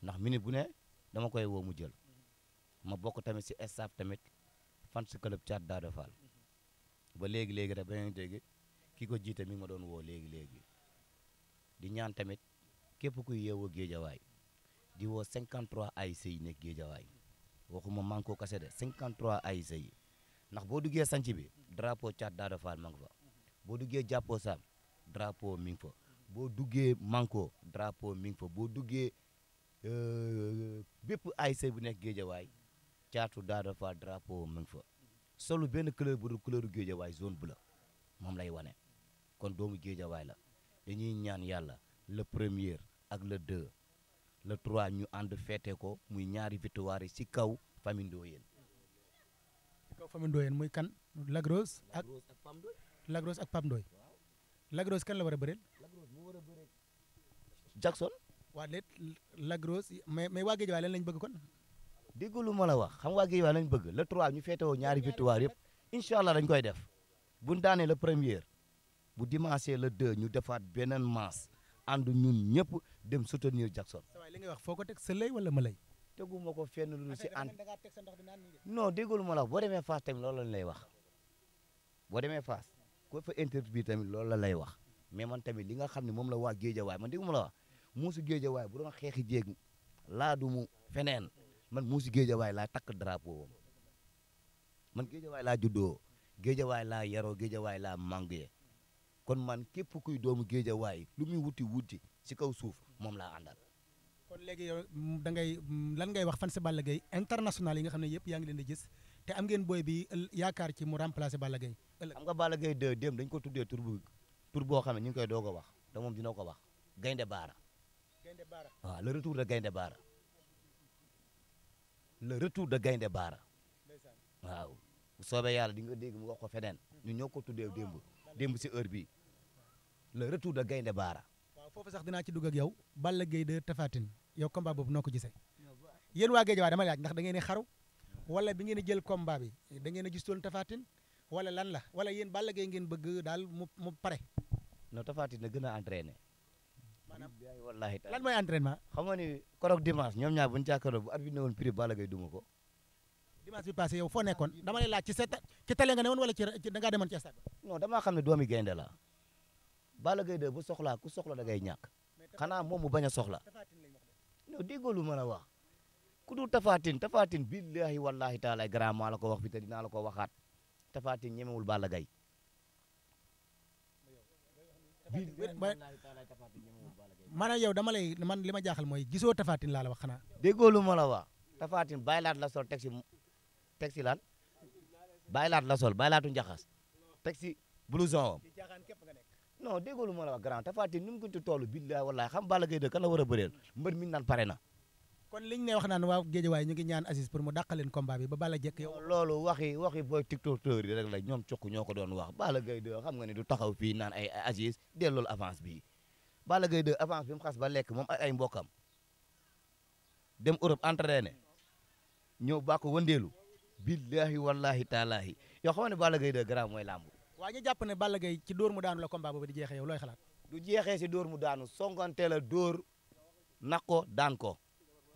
E: ndax minute bu ne dama koy woo mu jël ma bokk tamit si staff tamit fan si club Thiat Daouda Fall ba léegi léegi rek ba dégg kii ko jiite mi ngi ma doon woo léegi léegi di ñaan tamit képp kuy yeewoo géejawaay di woo 53 ASC yi nekk géejawaay waxuma man koo kase de 53 ASC yi ndax boo duggee sanc bi drapo Thiat Daouda Fall ma boo duggee jàppoo saam drapo mi ngi fa boo duggee manko drapo mi ngi fa boo duggee euh, bépp ASC bu nekk géejawaay Thiatou Daouda Fall drapeau mi ngi fa solo benn couleur bu du dul couleur géejawaay zone bleue moom lay wane kon doomu géej waay la dañuy ñaan yàlla le premier ak le deux le trois ñu ànd feete ko muy ñaari victoire yi si kaw famille Ndoyeen.
A: si kaw famille muy kan. Lagros ak Lagros ak Pam Ndoy Lagros kan la war a bëreel. Jackson. waa léegi Lagros mais mais waa géejawaay lan lañ bëgg kon. déggu lu ma wax xam nga waa Guédiawaye
E: lañ bëgg le 3 ñu féetewoo ñaari victoire yëpp incha allah dañ koy def bu ñu daanee la premier bu dimanche le 2 ñu defaat beneen masse ànd ñun ñëpp dem soutenir Jackson.
A: waaye li nga wax foo ko teg sa lay wala ma lay. ko fenn lu si ànd
E: non déggu lu ma boo demee Fass tamit loolu lañ lay wax boo demee Fass ko fa interview tamit loolu la lay wax mais man tamit li nga xam ne moom la waa Guédiawaye man déggu ma la wax muusu Guédiawaye bu doon xeexi jéeg laa du mu feneen. man muusi géejawaay laa takk drapeau am man waay laa juddoo waay laa yaroo waay laa màngee kon man képp kuy doomu waay lu muy wuti wuti si kaw suuf moom laa àndal.
A: kon léegi mm, da ngay mm, lan ngay wax fan si Balla Gaye international yi nga xam ne yëpp yaa ngi leen di gis te am ngeen booy bi yaakaar ci mu remplacer Balla Gaye. xam nga Balla gay 2 dem dañ ko
E: tuddee tur bu boo xam ne ñu ngi koy doog ko wax te moom dina ko wax Gaynde Baara. Gaynde Baara Gaynde Baara. le retour de Gaynde Baara waaw bu soobee yàlla di nga dégg mu wax ko feneen ñu ñoo ko tuddee démb démb si heure bii le retour de Gaynde Baara.
A: waaw foofu sax dinaa ci dugg ak yow Balla Gaye de Tafatine yow combat boobu noo ko gisee yéen waa Géejawaay dama laaj ndax da ngeen di xaru wala bi ngeen di jël combat bi da ngeen a gis toon Tafatine wala lan la wala yéen Balla Gaye ngeen bëgg daal mu mu pare.
E: non Tafatine na gën a entraîné. maanaam wallaahi lan mooy entraînement xam nga ni korok dimanche ñoom ñaar buñu jàkkaarloo bu arbitre ne woon prix Balla Gaye duma ko
A: dimanche bi passé yow foo nekkoon dama lay la ci set ci télé nga ne woon wala ci da ngaa demoon ci stade
E: non damaa xam ne doomi gaynde la
A: Balla Gaye de bu soxlaa ku soxla da ngay ñàkk xanaa moom mu bañ a soxla
E: non déggoo lu mën a wax ku dul tafaatin tafaatin billahi wallahi taala grand la ko wax fi te dinaa la ko waxaat tafaatin ñemewul Balla Gaye
A: mana yow dama lay man lima jaxal moy mooy gisoo tafaatin laa la wax xana
E: déggoo lu ma wax la sol taxi taxi lan baylat la sol baylaatu njaxas teg si blouson non lu wax grand tafatin ni ko ci toolu billaay xam Balla Gaye de kan la wara beurel mbeur min nan naan na.
A: kon liñ ne wax wa waa way ñu ngi ñaan Aziz pour mu dakalen combat bi ba Balla jek yow.
E: lolu waxi waxi boy tiktokteur yi rek la ñom cokk ñoko doon wax Balla de xam nga ni du taxaw fi nan ay Aziz avance bi Balla Gaye 2 avance bi mu xas ba lekk moom ak ay mbokkam dem Europe entraîné ñëw ba ko wëndeelu billahi wallahi taalahi yoo xam ne Balla Gaye 2 grand mooy làmb.
A: waa ñu jàpp ne Balla Gaye ci dóor mu daanu la combat boobu di jeexee yow looy xalaat. du jeexee si dóor mu daanu songante la dóor
E: naq ko daan ko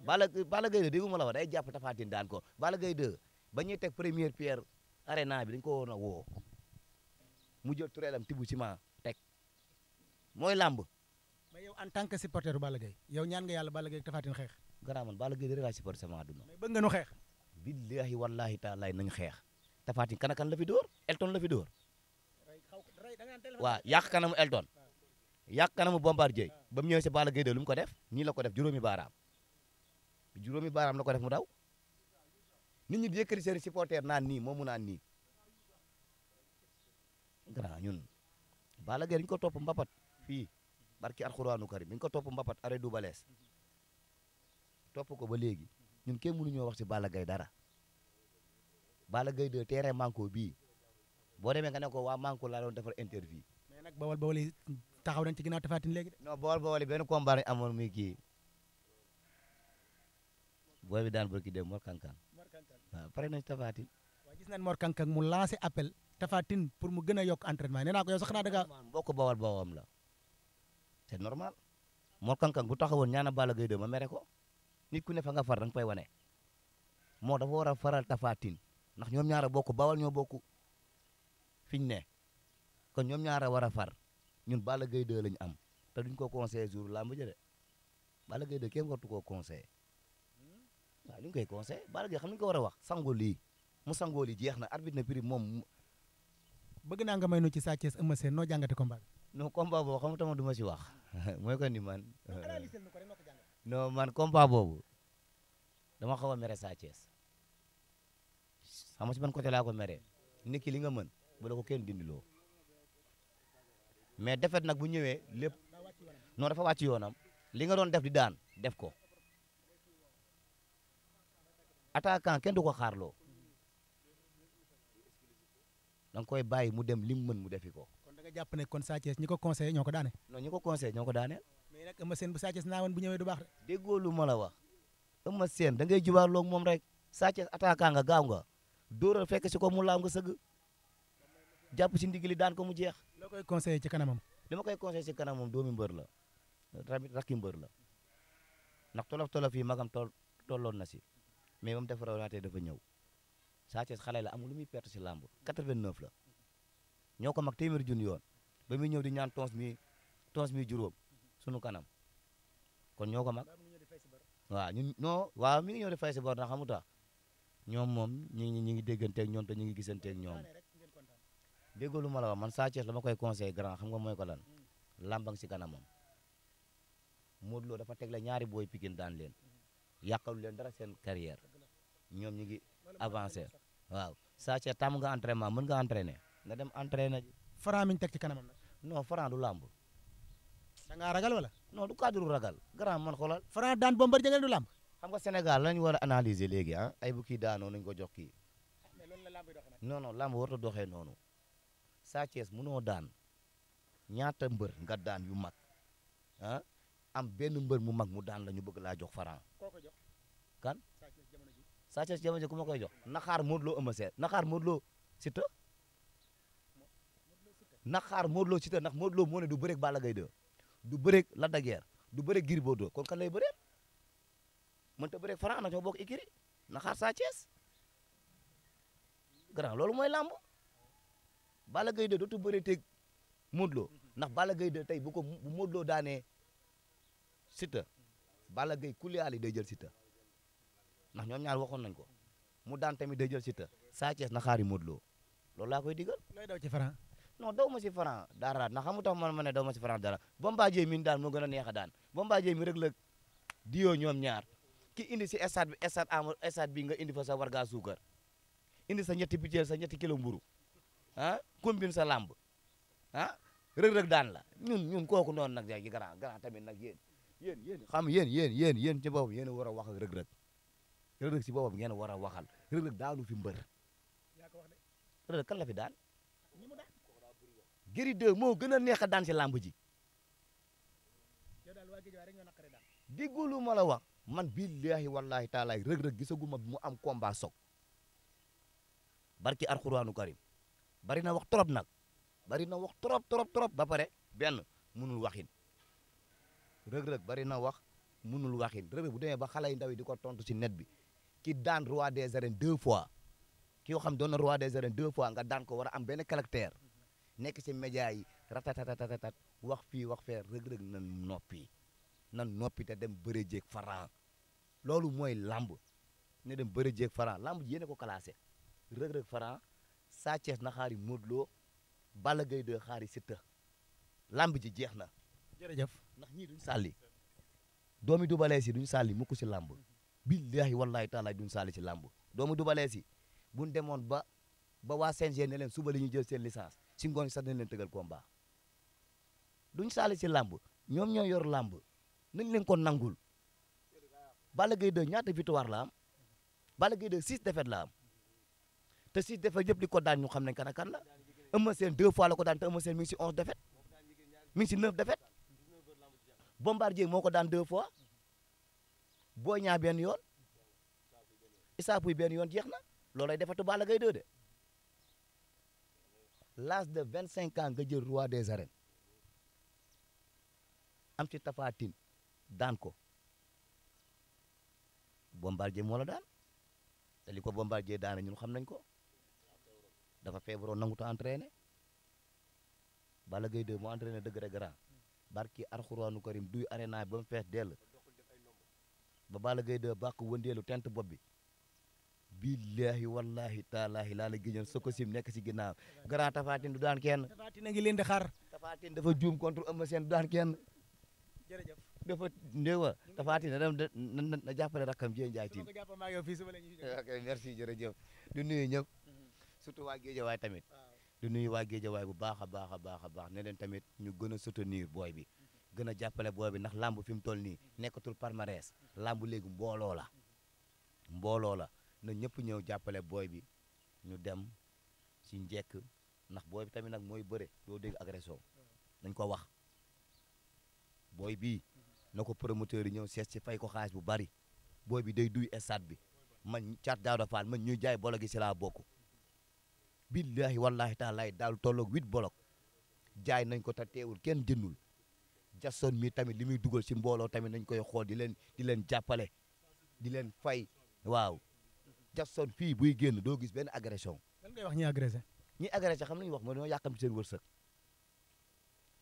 E: Balla Balla Gaye 2 la wax day jàpp Tapha Tine daanko ko Balla Gaye ba ñuy teg première pierre arena bi dañ ko woon a woo mu jël tureelam tibu ciment teg mooy làmb.
A: yow en tant que supporter Balla Gaye yow ñaan nga yàlla Balla Gaye ak Tapha Tine xeex
E: garaa dara supporter sama àdduna mais bëgg nga nu xeex billahi wallahi taalaay nañ xeex Tapha Tine kanakan kan la fi Elton la fi dóor waaw yàq kanamu Elton yak kanamu Bombardier ba mu ñëwee si Balla Gaye de lu mu ko def nii la ko def juróomi baaraam juróomi baaraam la ko def mu daw nit ñi di yëkkati seen supporter naan nii moomu naan nii grand ñun Balla ko mbapat barki alxuraanu karim bi ñu ko topp mbapat arrêt du balees topp ko ba léegi ñun kenn mënuñoo wax si Balla Gaye dara Balla Gaye de terrain manko bii boo demee nga ne ko waa manko laa doon defal interview. mais nag bawal bawal yi taxaw nañ ci ginnaaw Tapha Tine léegi de. non bawal amoon muy kii booy bi daan barki dem Mor Kankan
C: waaw
A: pare nañ Tapha Tine. waaw gis nañ Mor Kankan mu lancé appel Tapha Tine pour mu gën yokk entraînement nee naa ko yow sax naa da nga. mbokk bawal bawam la. c'est normal Mor Kang Kang bu taxawoon ñaana
E: Balla Gaye 2 ma mere ko nit ku ne nga far da nga koy wane moo dafa war a faral tafaatin ndax ñoom ñaara bokk bawal ñoo bokk fiñ ne kon ñoom ñaara war a far ñun Balla Gaye 2 lañ am te duñ ko conseillé jour làmb jële Balla Gaye 2 kenn wartu koo conseillé waaw ñu koy conseillé Balla xam ni ko war a wax sango li
A: mu sangoo lii jeex na arbitre na prix moom bëgg naa nga may nu ci Sa Thiès Eumeu Sène noo jàngate combat bi
E: non combat boo xam tama du si wax *laughs* mooy ko ni man. Euh, non man combat boobu dama xaw a mere Sa Thiès xam nga si man côté laa ko nit ki li nga mën bu la ko kenn dindiloo mais defet nag bu ñëwee lépp non dafa wàcc yoonam li nga doon def di daan def ko attaquant kenn du ko xaarloo da nga koy bàyyi mu dem li mu mën mu defi ko.
A: nga ne kon Sa Thiès ñi ko conseillé ñoo ko daane. non ñi ko conseillé ñoo ko daane. mais nag Eumeu Sène bu Sa Thiès bu ñëwee du
E: baax de. déggoo lu ma la wax Eumeu Sène da ngay jubaarloog moom rek Sa attaquant nga gaaw nga dóoral fekk si ko mu laaw nga sëgg jàpp si ndigli daan ko mu jeex. loo
A: koy conseillé ci kanamam.
E: li koy conseillé ci kanamam doomi mbër la tamit rakki mbër la ndax tolof tolof yi magam toll tolloon na si mais moom dafa dafa ñëw Sa Thiès la amul lu muy perte 89 la ñoko mak mag jun yoon ba mi ñew di ñaan tons mi tons mi juroom sunu kanam kon ñoko mak wa ñun no wa mi ñew di fay ci bor na xamu tax ñoom moom ñi ngi ñu ngi te ñi ngi gisante ak ñom la man Sa lama la makoy conseil grand xam nga moy ko lan hmm. lambang si kanam mom, modlo dafa teg la ñaari pikin Pikine dan len yàqalu len dara sen carrière ñom ñi ngi avancer waaw Sa Thiès tam nga entraînement mën nga entraîner nga dem entraîner ji. Franc mi tek ci kanam nag. non Franc du lamb da nga ragal wala. non du cadre ragal. grand man xoolal. Franc daan Bombardier du lamb xam nga Sénégal lañ war analyser léegi ah ay bu ki daano nañu ko jox ki mais loolu la non non lamb warta doxé nonu Sa Thiès mëno daan ñaata mbeur nga daan yu mag ah am benn mbeur mu mag mu daan lañu bëgg la jox Franc. koko jox. kan. Sa Thiès jamono ji ji kuma koy jox. naxaar Modou Lo Eumeu Sène naxaar Modou na xaar Modou Lo Siteu ndax Modou Lo moo du bëreeg bala Gaye du bëreeg Lac de Guiers du bëreeg Gris Bordeaux kon kan lay bëreel mënta bëreeg Franc na ñoo bokk écurie na xaar Sa Thiès grand loolu mooy làmb bala Gaye 2 dootu bëree teg Modou Lo ndax bala Gaye tey bu ko bu Modou Lo daanee Siteu Balla Gaye kuliyaal yi day jël Siteu ndax ñoo ñaar waxoon nañ ko mu daan tamit day jël Siteu Sa Thiès na xaari Modou Lo loolu laa koy digal. looy daw ci fara non daw ma ci Franc dara na xamu tax man mané ne daw ma si Franc dara bomba mi min dal mo gëna neex daan bomba Bombardier mi rek le dio ñom ñaar ki indi ci estade bi estade am estade bi nga indi fa sa warga sugar indi sa ñetti budget sa ñetti kilo mburu ah combine sa lamb ah rek rek daan la ñun ñun koku non nak yi grand grand tamit nak yeen yeen yeen xam yeen yeen yeen yeen ci boppam yeen wara wax rek rek rek rek ci si ngeen wara waxal rek rek daanu fi wax de rek kan la fi daan Gris 2 moo gën a neex a daan si làmb ji diggulu ma la wax man billaahi wallaahi taalaay rëg-rëg gisaguma mu am combat soog barki alxuraanu karim bari na wax trop nag bari na wax trop trop trop ba pare benn munul waxin rëg-rëg bari na wax munul waxin rëg-rëg bu demee ba xale yu ndaw yi di ko tontu si net bi ki daan roi des arènes deux fois ki yoo xam doon na roi des arènes deux nga daan ko wara am benn caractère nekk si média yi ratatatatatat wax fii wax fee rëg-rëg nan noppi nan noppi te dem bëre jéeg Franc loolu mooy lamb ne dem bëre jéeg Franc lamb ji yéene ko classé rëg-rëg Franc Sa Thiès na xaari Modou Lo Balla Gaye de xaari lamb ji jeex na jërëjëf
A: ndax ñii duñ salli
E: doomi dubalees yi duñ sàlli mukk si lamb billaahi wallaahi taala duñ sàlli si lamb doomi dubalees yi buñ demoon ba ba waa CNG ne leen suba la ñuy jël seen licence si ngoon sax dañ leen tëgal combat duñ saali si làmb ñoom ñoo yor làmb nañ leen ko nangul Balla Gaye 2 ñaata victoire la am Balla Gaye 2 la am te six défaites yëpp li ko daan ñu ne kan ak kan la Eumeu Sène deux fois la ko te Eumeu Sène mi ngi si onze défaites mi ngi si neuf défaites Bombardier moo ko daan deux fois Boy Niang benn yoon Issa ben yoon jeex na loolay defatu Balla Gaye de l'âge de vingt cinq ans nga jël roi des arènes am ci tafaatin daan ko bombardier moo la daan te li ko daan daane ñun xam nañ ko dafa feebaroon nanguta entraîné Balla Gaye de mu entraîné dëgg rek grand barki Alxuraanu Karim duy arena ba mu dell ba Balla Gaye 2 bàq wëndeelu tent bopp bi billahi wallahi taalahi laa la géñal so ko sim nekk si ginnaaw grand tafatin du daan kenn tafatin a ngi leen di xaar
C: tafatin dafa juum
E: contre Eumeu Sène du daan kenn jërëjëf dafa ndéwa tafatin na dem na jàppale rakkam jee njaay tiin
A: ok merci jërëjëf
E: du nuyu ñëpp surtout waa géejawaay tamit du nuyu waa géejawaay bu baax a baax a baax a baax ne leen tamit ñu gën a soutenir booy bi gën a jàppale booy bi ndax làmb fi mu toll nii nekkatul palmarès làmb léegi mbooloo la mbooloo la na ñëpp ñëw jàppale booy bi ñu dem si njekk ndax booy bi tamit nag mooy bëre doo dégg agression dañ ko wax booy bii na ko promoteur yi ñëw seet ci fay ko xaalis bu bari booy bi day duy stade bi man caat Daouda Fall man ñuy jaay bolo gi si laa bokk billaahi wallaahi taalaay daal tolloog huit bolok jaay nañ ko te teewul kenn jëndul Jason mi tamit li muy dugal si mbooloo tamit nañ koy xool di leen di leen jàppale di leen fay waaw Jackson fi buy génn do gis ben agression.
A: lan ngay wax ñi agressé.
E: ñi agressé xam nañu wax mo yakam ci sen wërseuk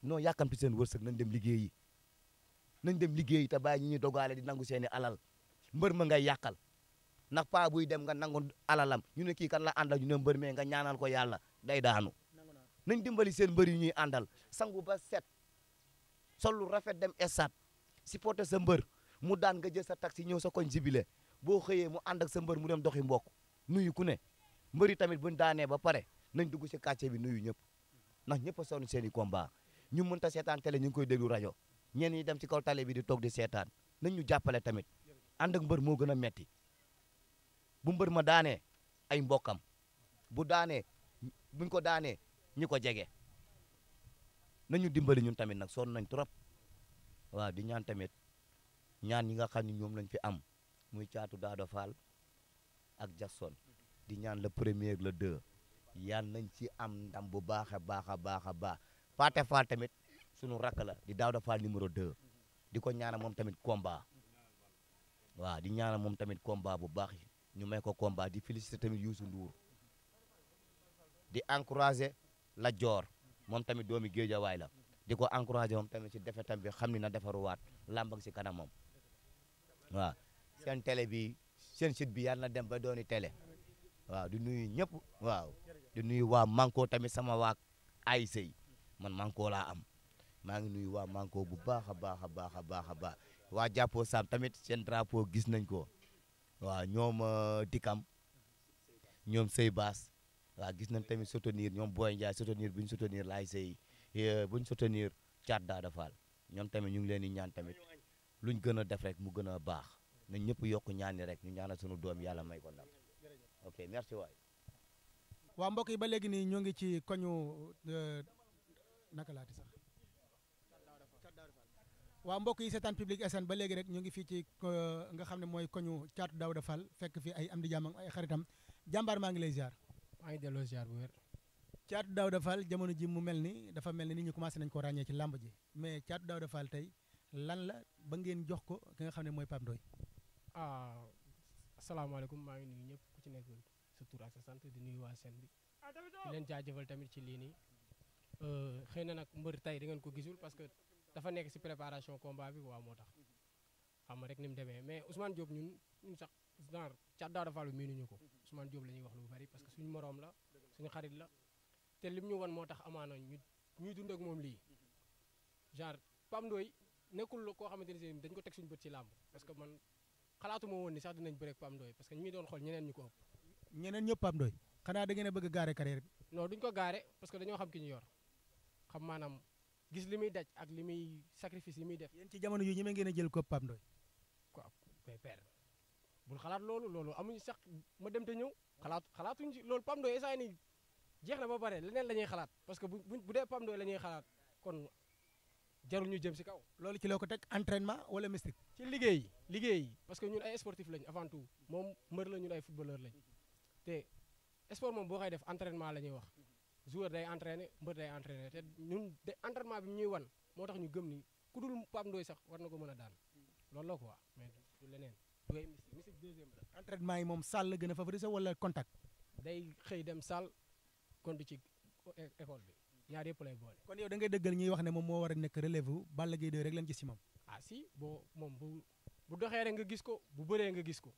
E: no yakam ci sen wërseuk nañ dem liggéeyi nañ dem liggéeyi ta bay ñi ñu dogaale di nangu seeni alal mbeur ma ngay yakal nak pa buy dem nga nangu alalam ñu ne ki kan la andal ñu ne mbeur me nga ñaanal ko yalla day daanu. nañ dimbali sen mbeur yi ñuy andal sangu ba set solo rafet dem esat supporter sa mbeur mu daan nga jël sa taxi ñew sa koñ jibilé boo xëyee mu ànd sa mbër mu dem doxi mbokk nuyu ku ne mbëri tamit buñ daanee ba pare nañ dugg si quartier bi nuyu ñëpp ndax ñëpp a seeni seen i combat ñu mën ta seetaan télé ñu ngi koy déglu rajo ñenn ñi dem ci kaw tale bi di toog di seetaan nañ ñu jàppale tamit ànd mbër moo gën a metti bu mbër ma daanee ay mbokkam bu daanee buñ ko daanee ñi ko jege nañu dimbali ñun tamit nag sonn nañ trop waaw di ñaan tamit ñaan ñi nga xam ne ñoom lañ fi am muy caatu Daado Fall ak Jackson di ñaan le premier ak le deux yal nañ ci am ndam bu baax a baax a baax a baax Pathé Fall tamit sunu rakk la di Daado Fall numéro deux di ko ñaanal moom tamit combat waaw di ñaanal moom tamit combat bu baax ñu may ko combat di féliciter tamit Youssou Ndour di encourager la joor moom tamit doomi géej waay la di ko encourager moom tamit ci defetam bi xam ni na defaruwaat làmb si ci kanamam waaw seen télé bi seen site bi yàlla na dem ba dooni tele waa di nuyu ñëpp waaw di nuyu waa Manko tamit sama waa ay sëy man Manko laa am maa ngi nuyu waa Manko bu baax a baax a baax a baax a baax waa jàppoo saam tamit seen drapeau gis nañ ko waaw ñoom euh, dikam ñoom sëy baas waaw gis nañ tamit soutenir ñoom Boy Ndiaye soutenir euh, bu ñu soutenir laay sëy bu ñu soutenir caat Daada Fall ñoom tamit ñu ngi leen di ñaan tamit luñ gën a def mu gën baax nañ ñëpp yokk ñaan yi rek ñu ñaanal sunu doom yàlla may ko ndam ok merci waay.
A: waa mbokk yi ba léegi nii ñoo ngi ci koñu euh, naka laati sax waa mbokk yi seetaan public SN ba léegi rek ñu ngi fii ci euh, nga xam ne mooy koñu caatu Daouda Fall fekk fi ay am di jàmm ay xaritam jàmbaar maa ngi lay ziar. maa ngi delloo ziar bu wér. caatu Daouda Fall jamono ji mu mel ni dafa mel ni nit ñu commencé nañ ko ràññee ci làmb ji mais caatu Daouda Fall tey lan la ba ngeen jox ko ki nga xam ne mooy Pape
F: ah asalaamaaleykum maa ngi nuyu ñëpp ku ci nekk sa tur ak sa sant di nuyu waa seen bi ah, di leen jaajëfal tamit ci lii nii euh, xëy na nag mbër tey da ngeen ko gisul parce que dafa nekk si préparation combat bi waaw moo tax xam nga rek ni mu demee mais Ousmane Diop ñun ñun sax genre cat daal dafa lu ko Ousmane Diop la ñuy wax lu bari parce que suñu moroom la suñu xarit la te lim ñu wan moo tax amaana ñu ñuy dund ak moom lii genre pam Ndoye nekkul koo xamante ne dañ ko teg suñ bët ci làmb parce que man xalaatuma woon ni sax dinañ bëreeg Pape Ndoye parce que ñu muy doon xool ñeneen ñu ko ëpp. ñeneen ñëpp
A: Pape Ndoye xanaa da ngeen a bëgg a gaare carrière bi.
F: non duñ ko gaare parce que dañoo xam ki ñu yor xam maanaam gis li muy daj ak li muy sacrifice yi muy def. yen ci
A: jamono yu ñeme ngeen a jël ko Pape Ndoye.
F: quoi mais père bul xalaat loolu loolu amuñu sax ma dem te ñëw xalaat xalaatuñ ci loolu Pape Ndoye saa ni jeex na ba pare leneen la ñuy xalaat parce que bu bu dee Pape Ndoye la ñuy xalaat kon jarul ñu jëm si kaw loolu ci loo ko teg entraînement wala mystique. ci liggéey liggéey parce que ñun ay sportif lañ avant tout moom mbër la ñun ay footballeur lañ te sport moom boo koy def entraînement la ñuy wax joueur day entraîné mbër day entraîné te ñun de entraînement bi ñuy wan moo tax ñu gëm ni ku dul Pape Ndoye sax war na ko mën a daan loolu la ko quoi mais du leneen. waaye mystique mystique deuxième la.
A: entraînement yi moom salle la gën a favoriser wala contact.
F: day xëy dem salle kon du ci école bi. ñaar yëpp lay boole. kon yow da
A: dëggal ñuy wax ne moom moo war a nekk relève Balla Gaye 2 rek lañ gis ci moom.
F: ah si boo moom bu bu nga gis ko bu bëree nga gis ko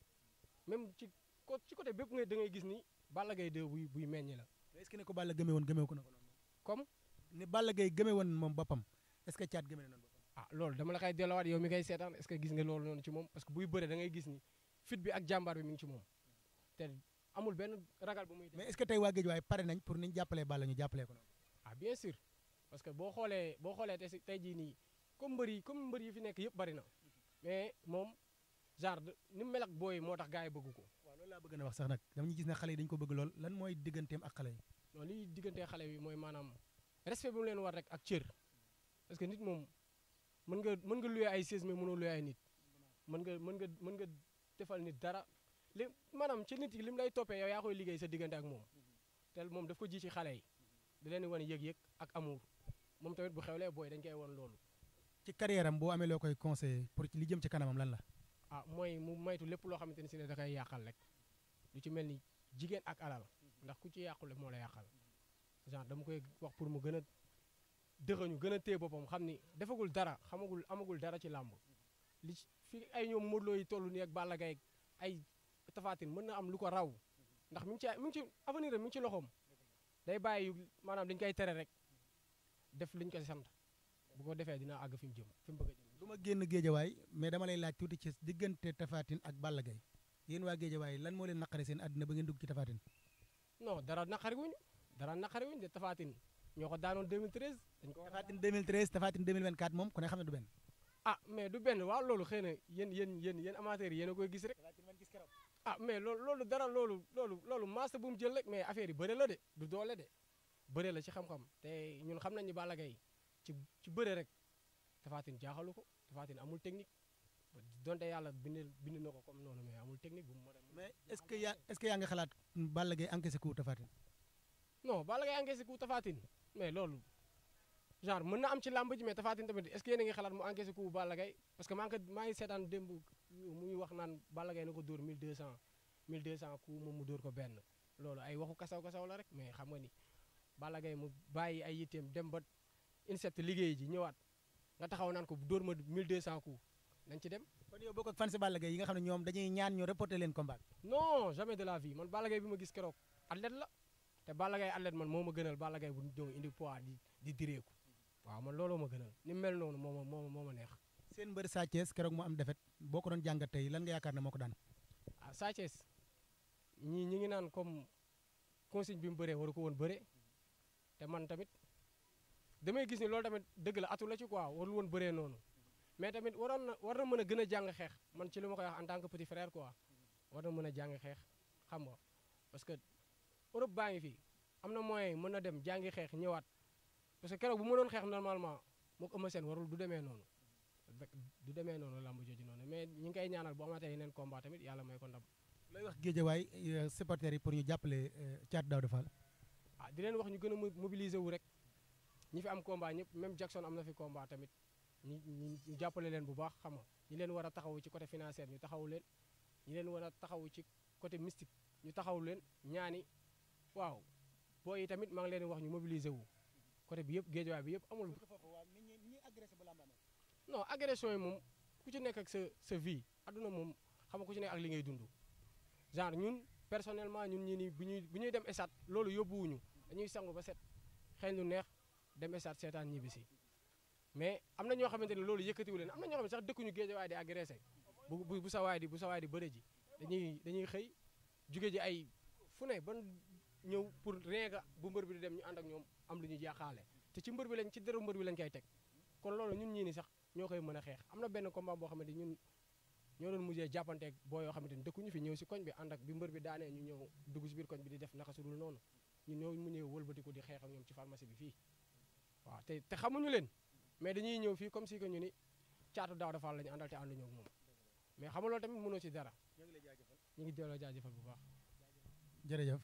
F: même ci ko ci côté bépp nga da ngay gis ni Balla Gaye 2 na ko noonu. comme ni Balla Gaye gëmee woon moom boppam est-ce ah, parce que buy bëree da gis ni fit bi ak jàmbaar bi mi ci moom te amul benn ragal bu muy. mais est-ce tey waa Géej waaye pare nañ
A: pour ni ñu jàppalee Balla ñu jàppalee ko noonu
F: ah bien sûr parce que boo xoolee boo xoolee te tey jii nii comme mbër yi comme mbër yi fi nekk yëpp bari na mais moom genre ni mu mel ak booy moo tax gaa yi bëgg ko. waaw loolu laa bëgg na wax
A: sax nag dama ñu gis ne xale yi dañu ko bëgg lool lan mooy digganteem ak xale yi.
F: non liy xale yi mooy maanaam respect bi leen war rek ak cër parce que nit moom mën nga mën nga luye ay sées mais mënoo luye ay nit mën nga mën nga mën nga defal nit dara li maanaam ci nit yi li mu lay toppee yow yaa koy liggéey sa diggante ak moom te moom daf ji ci xale yi di leen wan yëg-yëg ak amour moom tamit bu xew xewlee booy dañ koy wan loolu.
A: ci carrière am boo amee loo koy conseillé pour li jëm ci kanamam lan la.
F: ah mooy mu maytu lépp loo xamante ni si ne da koy yàqal lu ci mel ni jigéen ak alal ndax ku ci yàqule moo la yàqal genre dama koy wax pour mu gën a dëxëñu gën a téye boppam xam ni defagul dara xamagul amagul dara ci làmb li fi ay ñoom Modou Lo yi toll nii ak Balla Gaye ay Tapha Tine mën na am lu ko raw ndax mi ngi mi ngi ci avenir mi ngi ci loxoom. day bàyyi maanaam dañ koy tere rek def liñ ko si sant bu ko defee dina àgg fi mu jëm fi mu bëgg a
A: jëm. du ma génn géejawaay mais dama lay laaj tuuti ci diggante Tafatine ak Balla Gaye yéen waa géejawaay lan moo leen naqari seen àddina ba ngeen dugg ci Tafatine.
F: non dara naqari wuñu dara naqari wuñ de Tafatine ñoo ko daanoon 2013. dañ ko Tafatine
A: 2013 Tafatine 2024 moom ku ne xam ne du benn.
F: ah mais du benn waaw loolu xëy na yéen yéen yéen yéen amateurs yi yéen a koy gis rek. gis ah mais loolu loolu dara loolu loolu loolu master bu mu jël rek mais affaire yi bëre la de du doole de bëre la ci xam-xam te ñun xam nañ Balla Gaye ci ci bëre rek Tapha Tine jaaxalu ko Tapha Tine amul technique donte yàlla bind bind na ko comme noonu mais amul technique bu mu mën a. mais
A: est ce que yaa est xalaat Balla Gaye encaissé coup Tapha Tine.
F: non Balla Gaye encaissé coup Tapha Tine mais loolu genre mën na am ci làmb ji mais tamit est ce que a ngi xalaat mu encaissé coup Balla Gaye parce mu ñu wax naan Balla Gaye na ko dóor 1200 1200 ku moom mu dóor ko benn loolu ay waxu kasaw-kasaw la rek mais xam nga ni Balla Gaye mu bàyyi ay yitteem dem ba incept liggéey ji ñëwaat nga taxaw naan ko dóor ma 1200 ku nañ ci dem. kon yow bokk ak fan Balla Gaye yi nga xam dañuy ñaan ñu reporter combat non jamais de la vie man Balla Gaye bi gis keroog athlète la te Balla man moo ma gënal Balla Gaye bu ñëw indi poids di di direeku waaw man looloo ma gënal ni mu mel noonu moo ma ma neex.
A: seen Sa am defet boo ko doon jàngat tey lan nga yaakaar na moo ko daan.
F: ah Sa ñii ñi ngi naan comme consigne bi mu bëree waru ko woon bëree te man tamit damay gis ni loolu tamit dëgg la atu la ci quoi warul woon bëree noonu mais tamit waroon na war na mën a gën a jàng xeex man ci li ma koy wax en tant que petit frère quoi war na mën a jàng xeex xam nga parce que Europe baa ngi fi am na moyen mën na dem jàngi xeex ñëwaat parce que keroog bu ma doon xeex normalement moog Eumeu Sène warul du demee noonu. fekk du demee noonu lamb jooju noonu mais ñi ngi koy ñaanal bu amatee yeneen combat tamit yàlla may ko ndam.
A: wax géejewaay euh, supporters yi pour ñu jàppale euh,
F: ah, leen wu rek ñi fi am combat ñëpp même Jackson am na fi combat tamit ñu ñu jàppale leen bu baax xam nga ñi leen war a taxawu ci côté financier ñu taxawu leen ñu leen war a taxawu ci côté mystique ñu taxawu leen ñaani waaw boo yi tamit maa ngi leen wax ñu mobiliser wu bi yëpp géejewaay bi yëpp amul. non agression yi moom ku ci nekk ak sa sa vie adduna moom xam nga ku ci nekk ak li ngay dund genre ñun personnellement ñun ñi nii bu ñuy bu ñuy dem esat loolu yóbbuwuñu dañuy sangu ba set xëy lu neex dem esat seetaan ñibbisi mais am na ñoo xamante ne loolu yëkkatiwu leen am na ñoo xam ne sax dëkkuñu géej waaye di agressé bu bu sa waay bu sa waay di ji dañuy dañuy xëy jóge ji ay fu ne ban ñëw pour reega bu mbër bi di dem ñu ànd ak ñoom am lu ñuy jaaxaale te ci mbër bi lañ ci dara mbër bi lañ koy teg kon loolu ñun ñii ni sax ñoo koy mën a xeex am na benn combat boo xamante ñun ñoo doon mujjee jàppanteeg boo yoo xamante ni dëkkuñu fi ñëw si koñ bi ànd ak bi mbër bi daanee ñu ñëw dugg si biir koñ bi di def naka sudul noonu ñun ñoo mu ñëw wëlbatiku di xeex ak ñoom ci pharmacie bi fii waaw te te xamuñu leen mais dañuy ñëw fii comme si que ñu ni caatu daaw dafa lañu àndal te ànduñu ak moom mais xam nga loolu tamit mënoo ci dara ñu ngi delloo jaajëfal bu baax
A: jërëjëf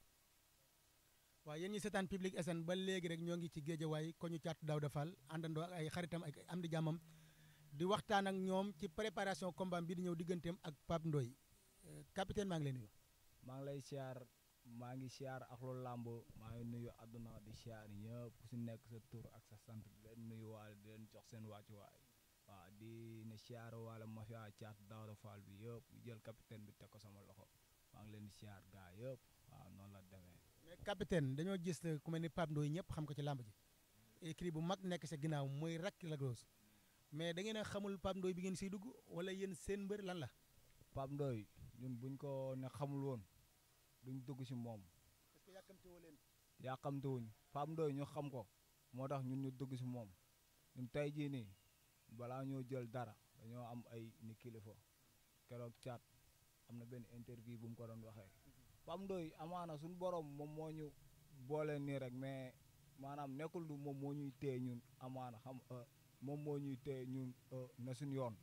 A: waaw yéen ñi seetaan ba léegi rek ñoo ngi ci géejawaay ko ñu caatu daaw dafal àndandoo ak ay xaritam ak am di jàmmam di waxtaan ak ñoom ci préparation combat bi di ñëw digganteem ak Pape Ndoye
G: euh, capitaine maa ngi lay nuyu. maa ngi lay siyaar maa ngi siyaar ak loolu làmb maa ngi nuyu aduna di siyaar ñëpp ku si nekk sa tur ak sa sant di leen nuyu waale di leen jox seen waay waaw di ne siyaar waale mafia caat daara faal bi yëpp jël capitaine bi teg ko sama loxo maa ngi leen di siyaar gaa yëpp waaw noonu la demee. mais
A: capitaine dañoo gis ku mel ni Pape Ndoye ñëpp xam ko ci lamb ji écrit bu mag nekk sa ginnaaw mooy rakk la mais da ngeen a xamul Pape Ndoye bi ngeen siy dugg wala yéen seen mbër lan la.
G: Pape Ndoye ñun buñ ko ne xamul woon duñ dugg si moom.
A: est leen.
G: yàkkamtewuñ Pape Ndoye ñu xam ko moo tax ñun ñu dugg si moom ñun tey jii nii balaa ñoo jël dara dañoo am ay ni fo keroog caat am na benn interview bu mu ko doon waxee. Mm-hmm. Pape Ndoye amaana suñu borom moom moo ñu boole nii rek mais maanaam nekkul du moom moo ñuy téye ñun amaana xam. Euh, moom moo ñuy tee ñun euh, na yoon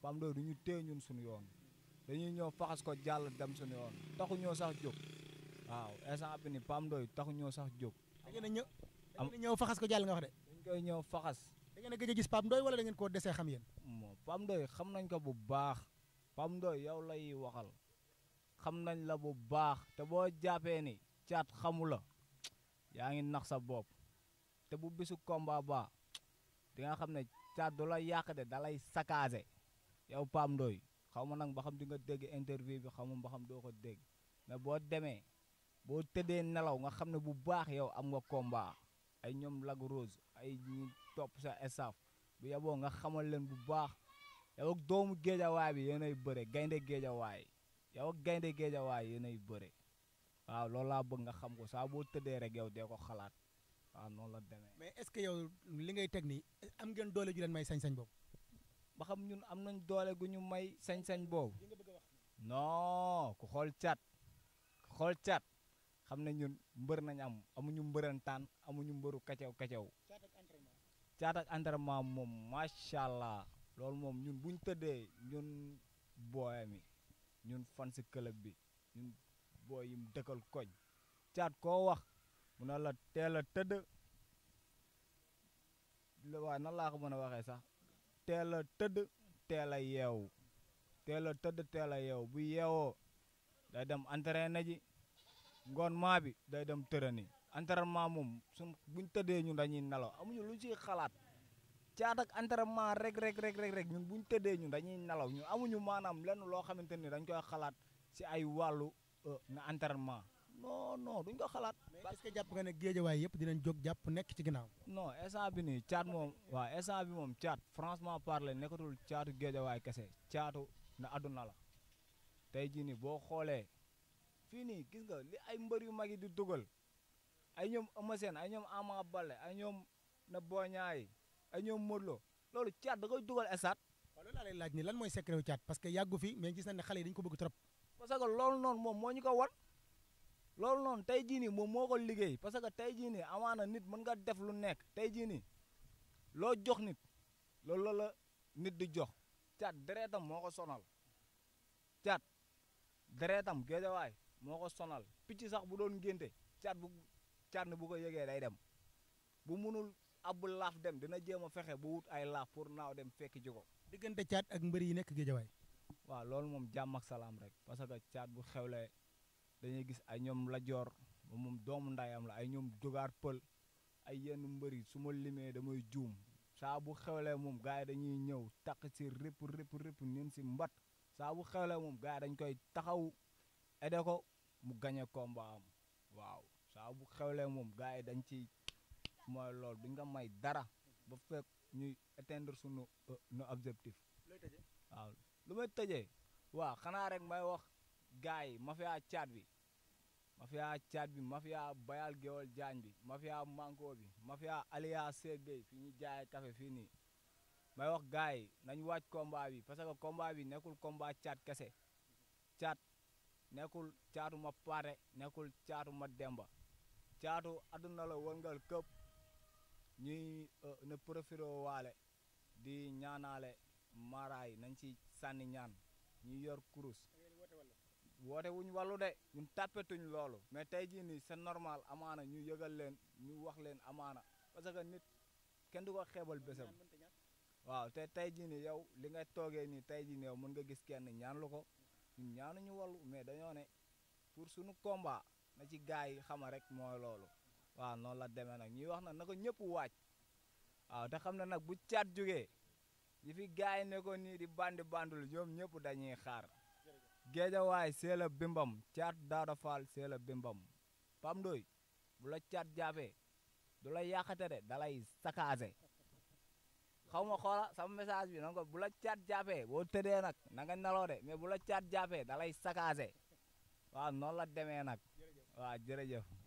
G: PAM doy du ñu téye ñun suñu yoon dañuy ñëw faxas ko jàll dem suñu yoon taxu ñoo sax jóg waaw instant ni PAM doy taxu ñoo sax jóg. da ngeen a ñëw ñëw faxas ko jàll nga wax de. dañ koy ñëw faxas. a gëj a gis PAM doy da ngeen koo desee xam yéen. moom PAM doy xam nañ ko bu baax PAM doy yow lay waxal xam nañ la bu baax te boo jàppee ni caat xamu la yaa ngi nax sa bopp te bu bisu combat ba di nga xam ne caat du la yàq de da lay saccagé yow Pape Ndoye xaw ma nag ba xam di nga dégg interview bi xaw ma ba xam doo ko dégg mais boo demee boo tëddee nelaw nga xam ne bu baax yow am nga combat ay ñoom Lac Rose ay ñu topp sa staff bu yeboo nga xamal leen bu baax yow ak doomu géejawaay bi yéenay bëre gaynde géejawaay yow ak gaynde géejawaay yéenay bëre waaw loolu laa bëgg nga xam ko saa boo tëddee rek yow dee ko xalaat waaw ah, noonu la demee. mais est-ce que yow li ngay teg nii am ngeen doole ju leen may sañ-sañ bob. ba xam ñun am nañ doole gu ñu may sañ-sañ bob. non ku xool chat, ku chat. cat xam ne ñun mbër nañ am amuñu mbërantaan amuñu mbëru kacaw kacaw. caat ak entraînement mom macha allah loolu moom ñun bu ñu tëddee ñun booyami ñun fan si club bi ñun booy yim dëkkal koñ caat wax. mu la teel a tëdd waaw nan laa ko mën a waxee sax teel a tëdd teel a yeewu teel a tëdd teel a yeewu bu yeewoo day dem entraîné ji ngoon maa bi day dem tërëni entraînement moom suñ buñ tëddee ñun dañuy nelaw amuñu lu ciy xalaat caat ak entraînement rek rek rek rek rek ñun buñ tëddee ñun dañuy nelaw ñun amuñu maanaam lenn loo xamante ni dañ koy xalaat si ay wàllu euh, na entraînement non non duñ ko
A: xalaat. mais est-ce que jàpp nga ne géejawaay yëpp dinañ jog japp nek ci ginnaaw.
G: non instant bi ni chat mom wa instant bi mom chat franchement parler chatu caatu way kessé chatu na aduna la tay ji ni bo xolé fii nii gis nga li ay mbeur yu magi di duggal ay ñom Eumeu sen ay ñoom Ama balé ay ñom na boñaay ay ñom modlo lolu chat da koy duggal esat waaw loolu lay laaj ni lan moy secret wu caat parce que yagu fi mais gis na ne xalé dañ ko bëgg trop. parce que loolu non mom moñu ko war loolu noonu tey jii nii moom moo ko liggéey parce que tey jii nii amaana nit mën nga def lu nekk tey jii loo jox nit loolu la nit di jox caat deretam moo ko sonal caat deretam géejawaay moo ko sonal picc sax bu doon ngénte caat bu caat ne bu ko yegee day dem bu munul abu laaf dem dina jéem a fexe bu wut ay laaf pour naaw dem fekki ji ko diggante
A: caat ak mbër yi nekk géejawaay
G: waaw loolu moom jàmm ak salaam rek parce que caat bu xewlee dañuy gis ay ñoom Lajoor moom doomu ndayam la ay ñoom dogaar pël ay yenn mbër yi su limé limee damay joom sa bu xewlé moom gaay dañuy ñew tak si rep rep rep nen si mbat sa bu xewlé moom gaay yi dañ koy taxaw aidé ko mu gagné combat am waaw sa bu xewlé moom gaay dañ ci mooy loolu duñ nga may dara ba fekk ñuy atteindre sunu euh, no objectif waaw lu may tëjee waaw xana rek may wax gars yi mafia caat bi mafia caat bi mafia bayal gewal jaañ bi mafia manko bi mafia aliya seeg bi fi ñu jaayee café fii nii may wax gars yi nañ wàcc combat bi parce que combat bi nekkul combat caat kese caat nekkul caatu ma paate nekkul caatu ma demba caatu àdduna la wëngal këpp euh, profiro na waale di ñaanaale maraay nañ ci sànni ñaan ñu yor kurus woote wuñ wàllu de ñun tàppetuñ loolu mais tey jii nii c'est normal amaana ñu yëgal leen ñu wax leen amaana parce que nit kenn du ko xeebal bésam waaw te tey jii nii yow li nga toogee nii tey jii nii yow mën nga gis kenn ñaanlu ko ñun ñaanuñu wàllu mais dañoo ne pour suñu combat na ci gars yi xama rek mooy loolu waaw noonu la demee nag ñuy wax na ko ñëpp waaj waaw te xam ne nag bu caat jógee yi fi gars yi ne ko nii di bandi bandul ñoom ñëpp dañuy xaar géejawaay seela bimbam caat daada faal seela bimbam pam doy bu la cat jaabee du la yàqate de dalay sakaase xaw ma xoola sama message bi nanga ko bu la caat jaabee boo tëddee nag na nga neloo de mais bu la caat jaabee dalay sakaase waaw noonu la demee nag waaw jërëjëf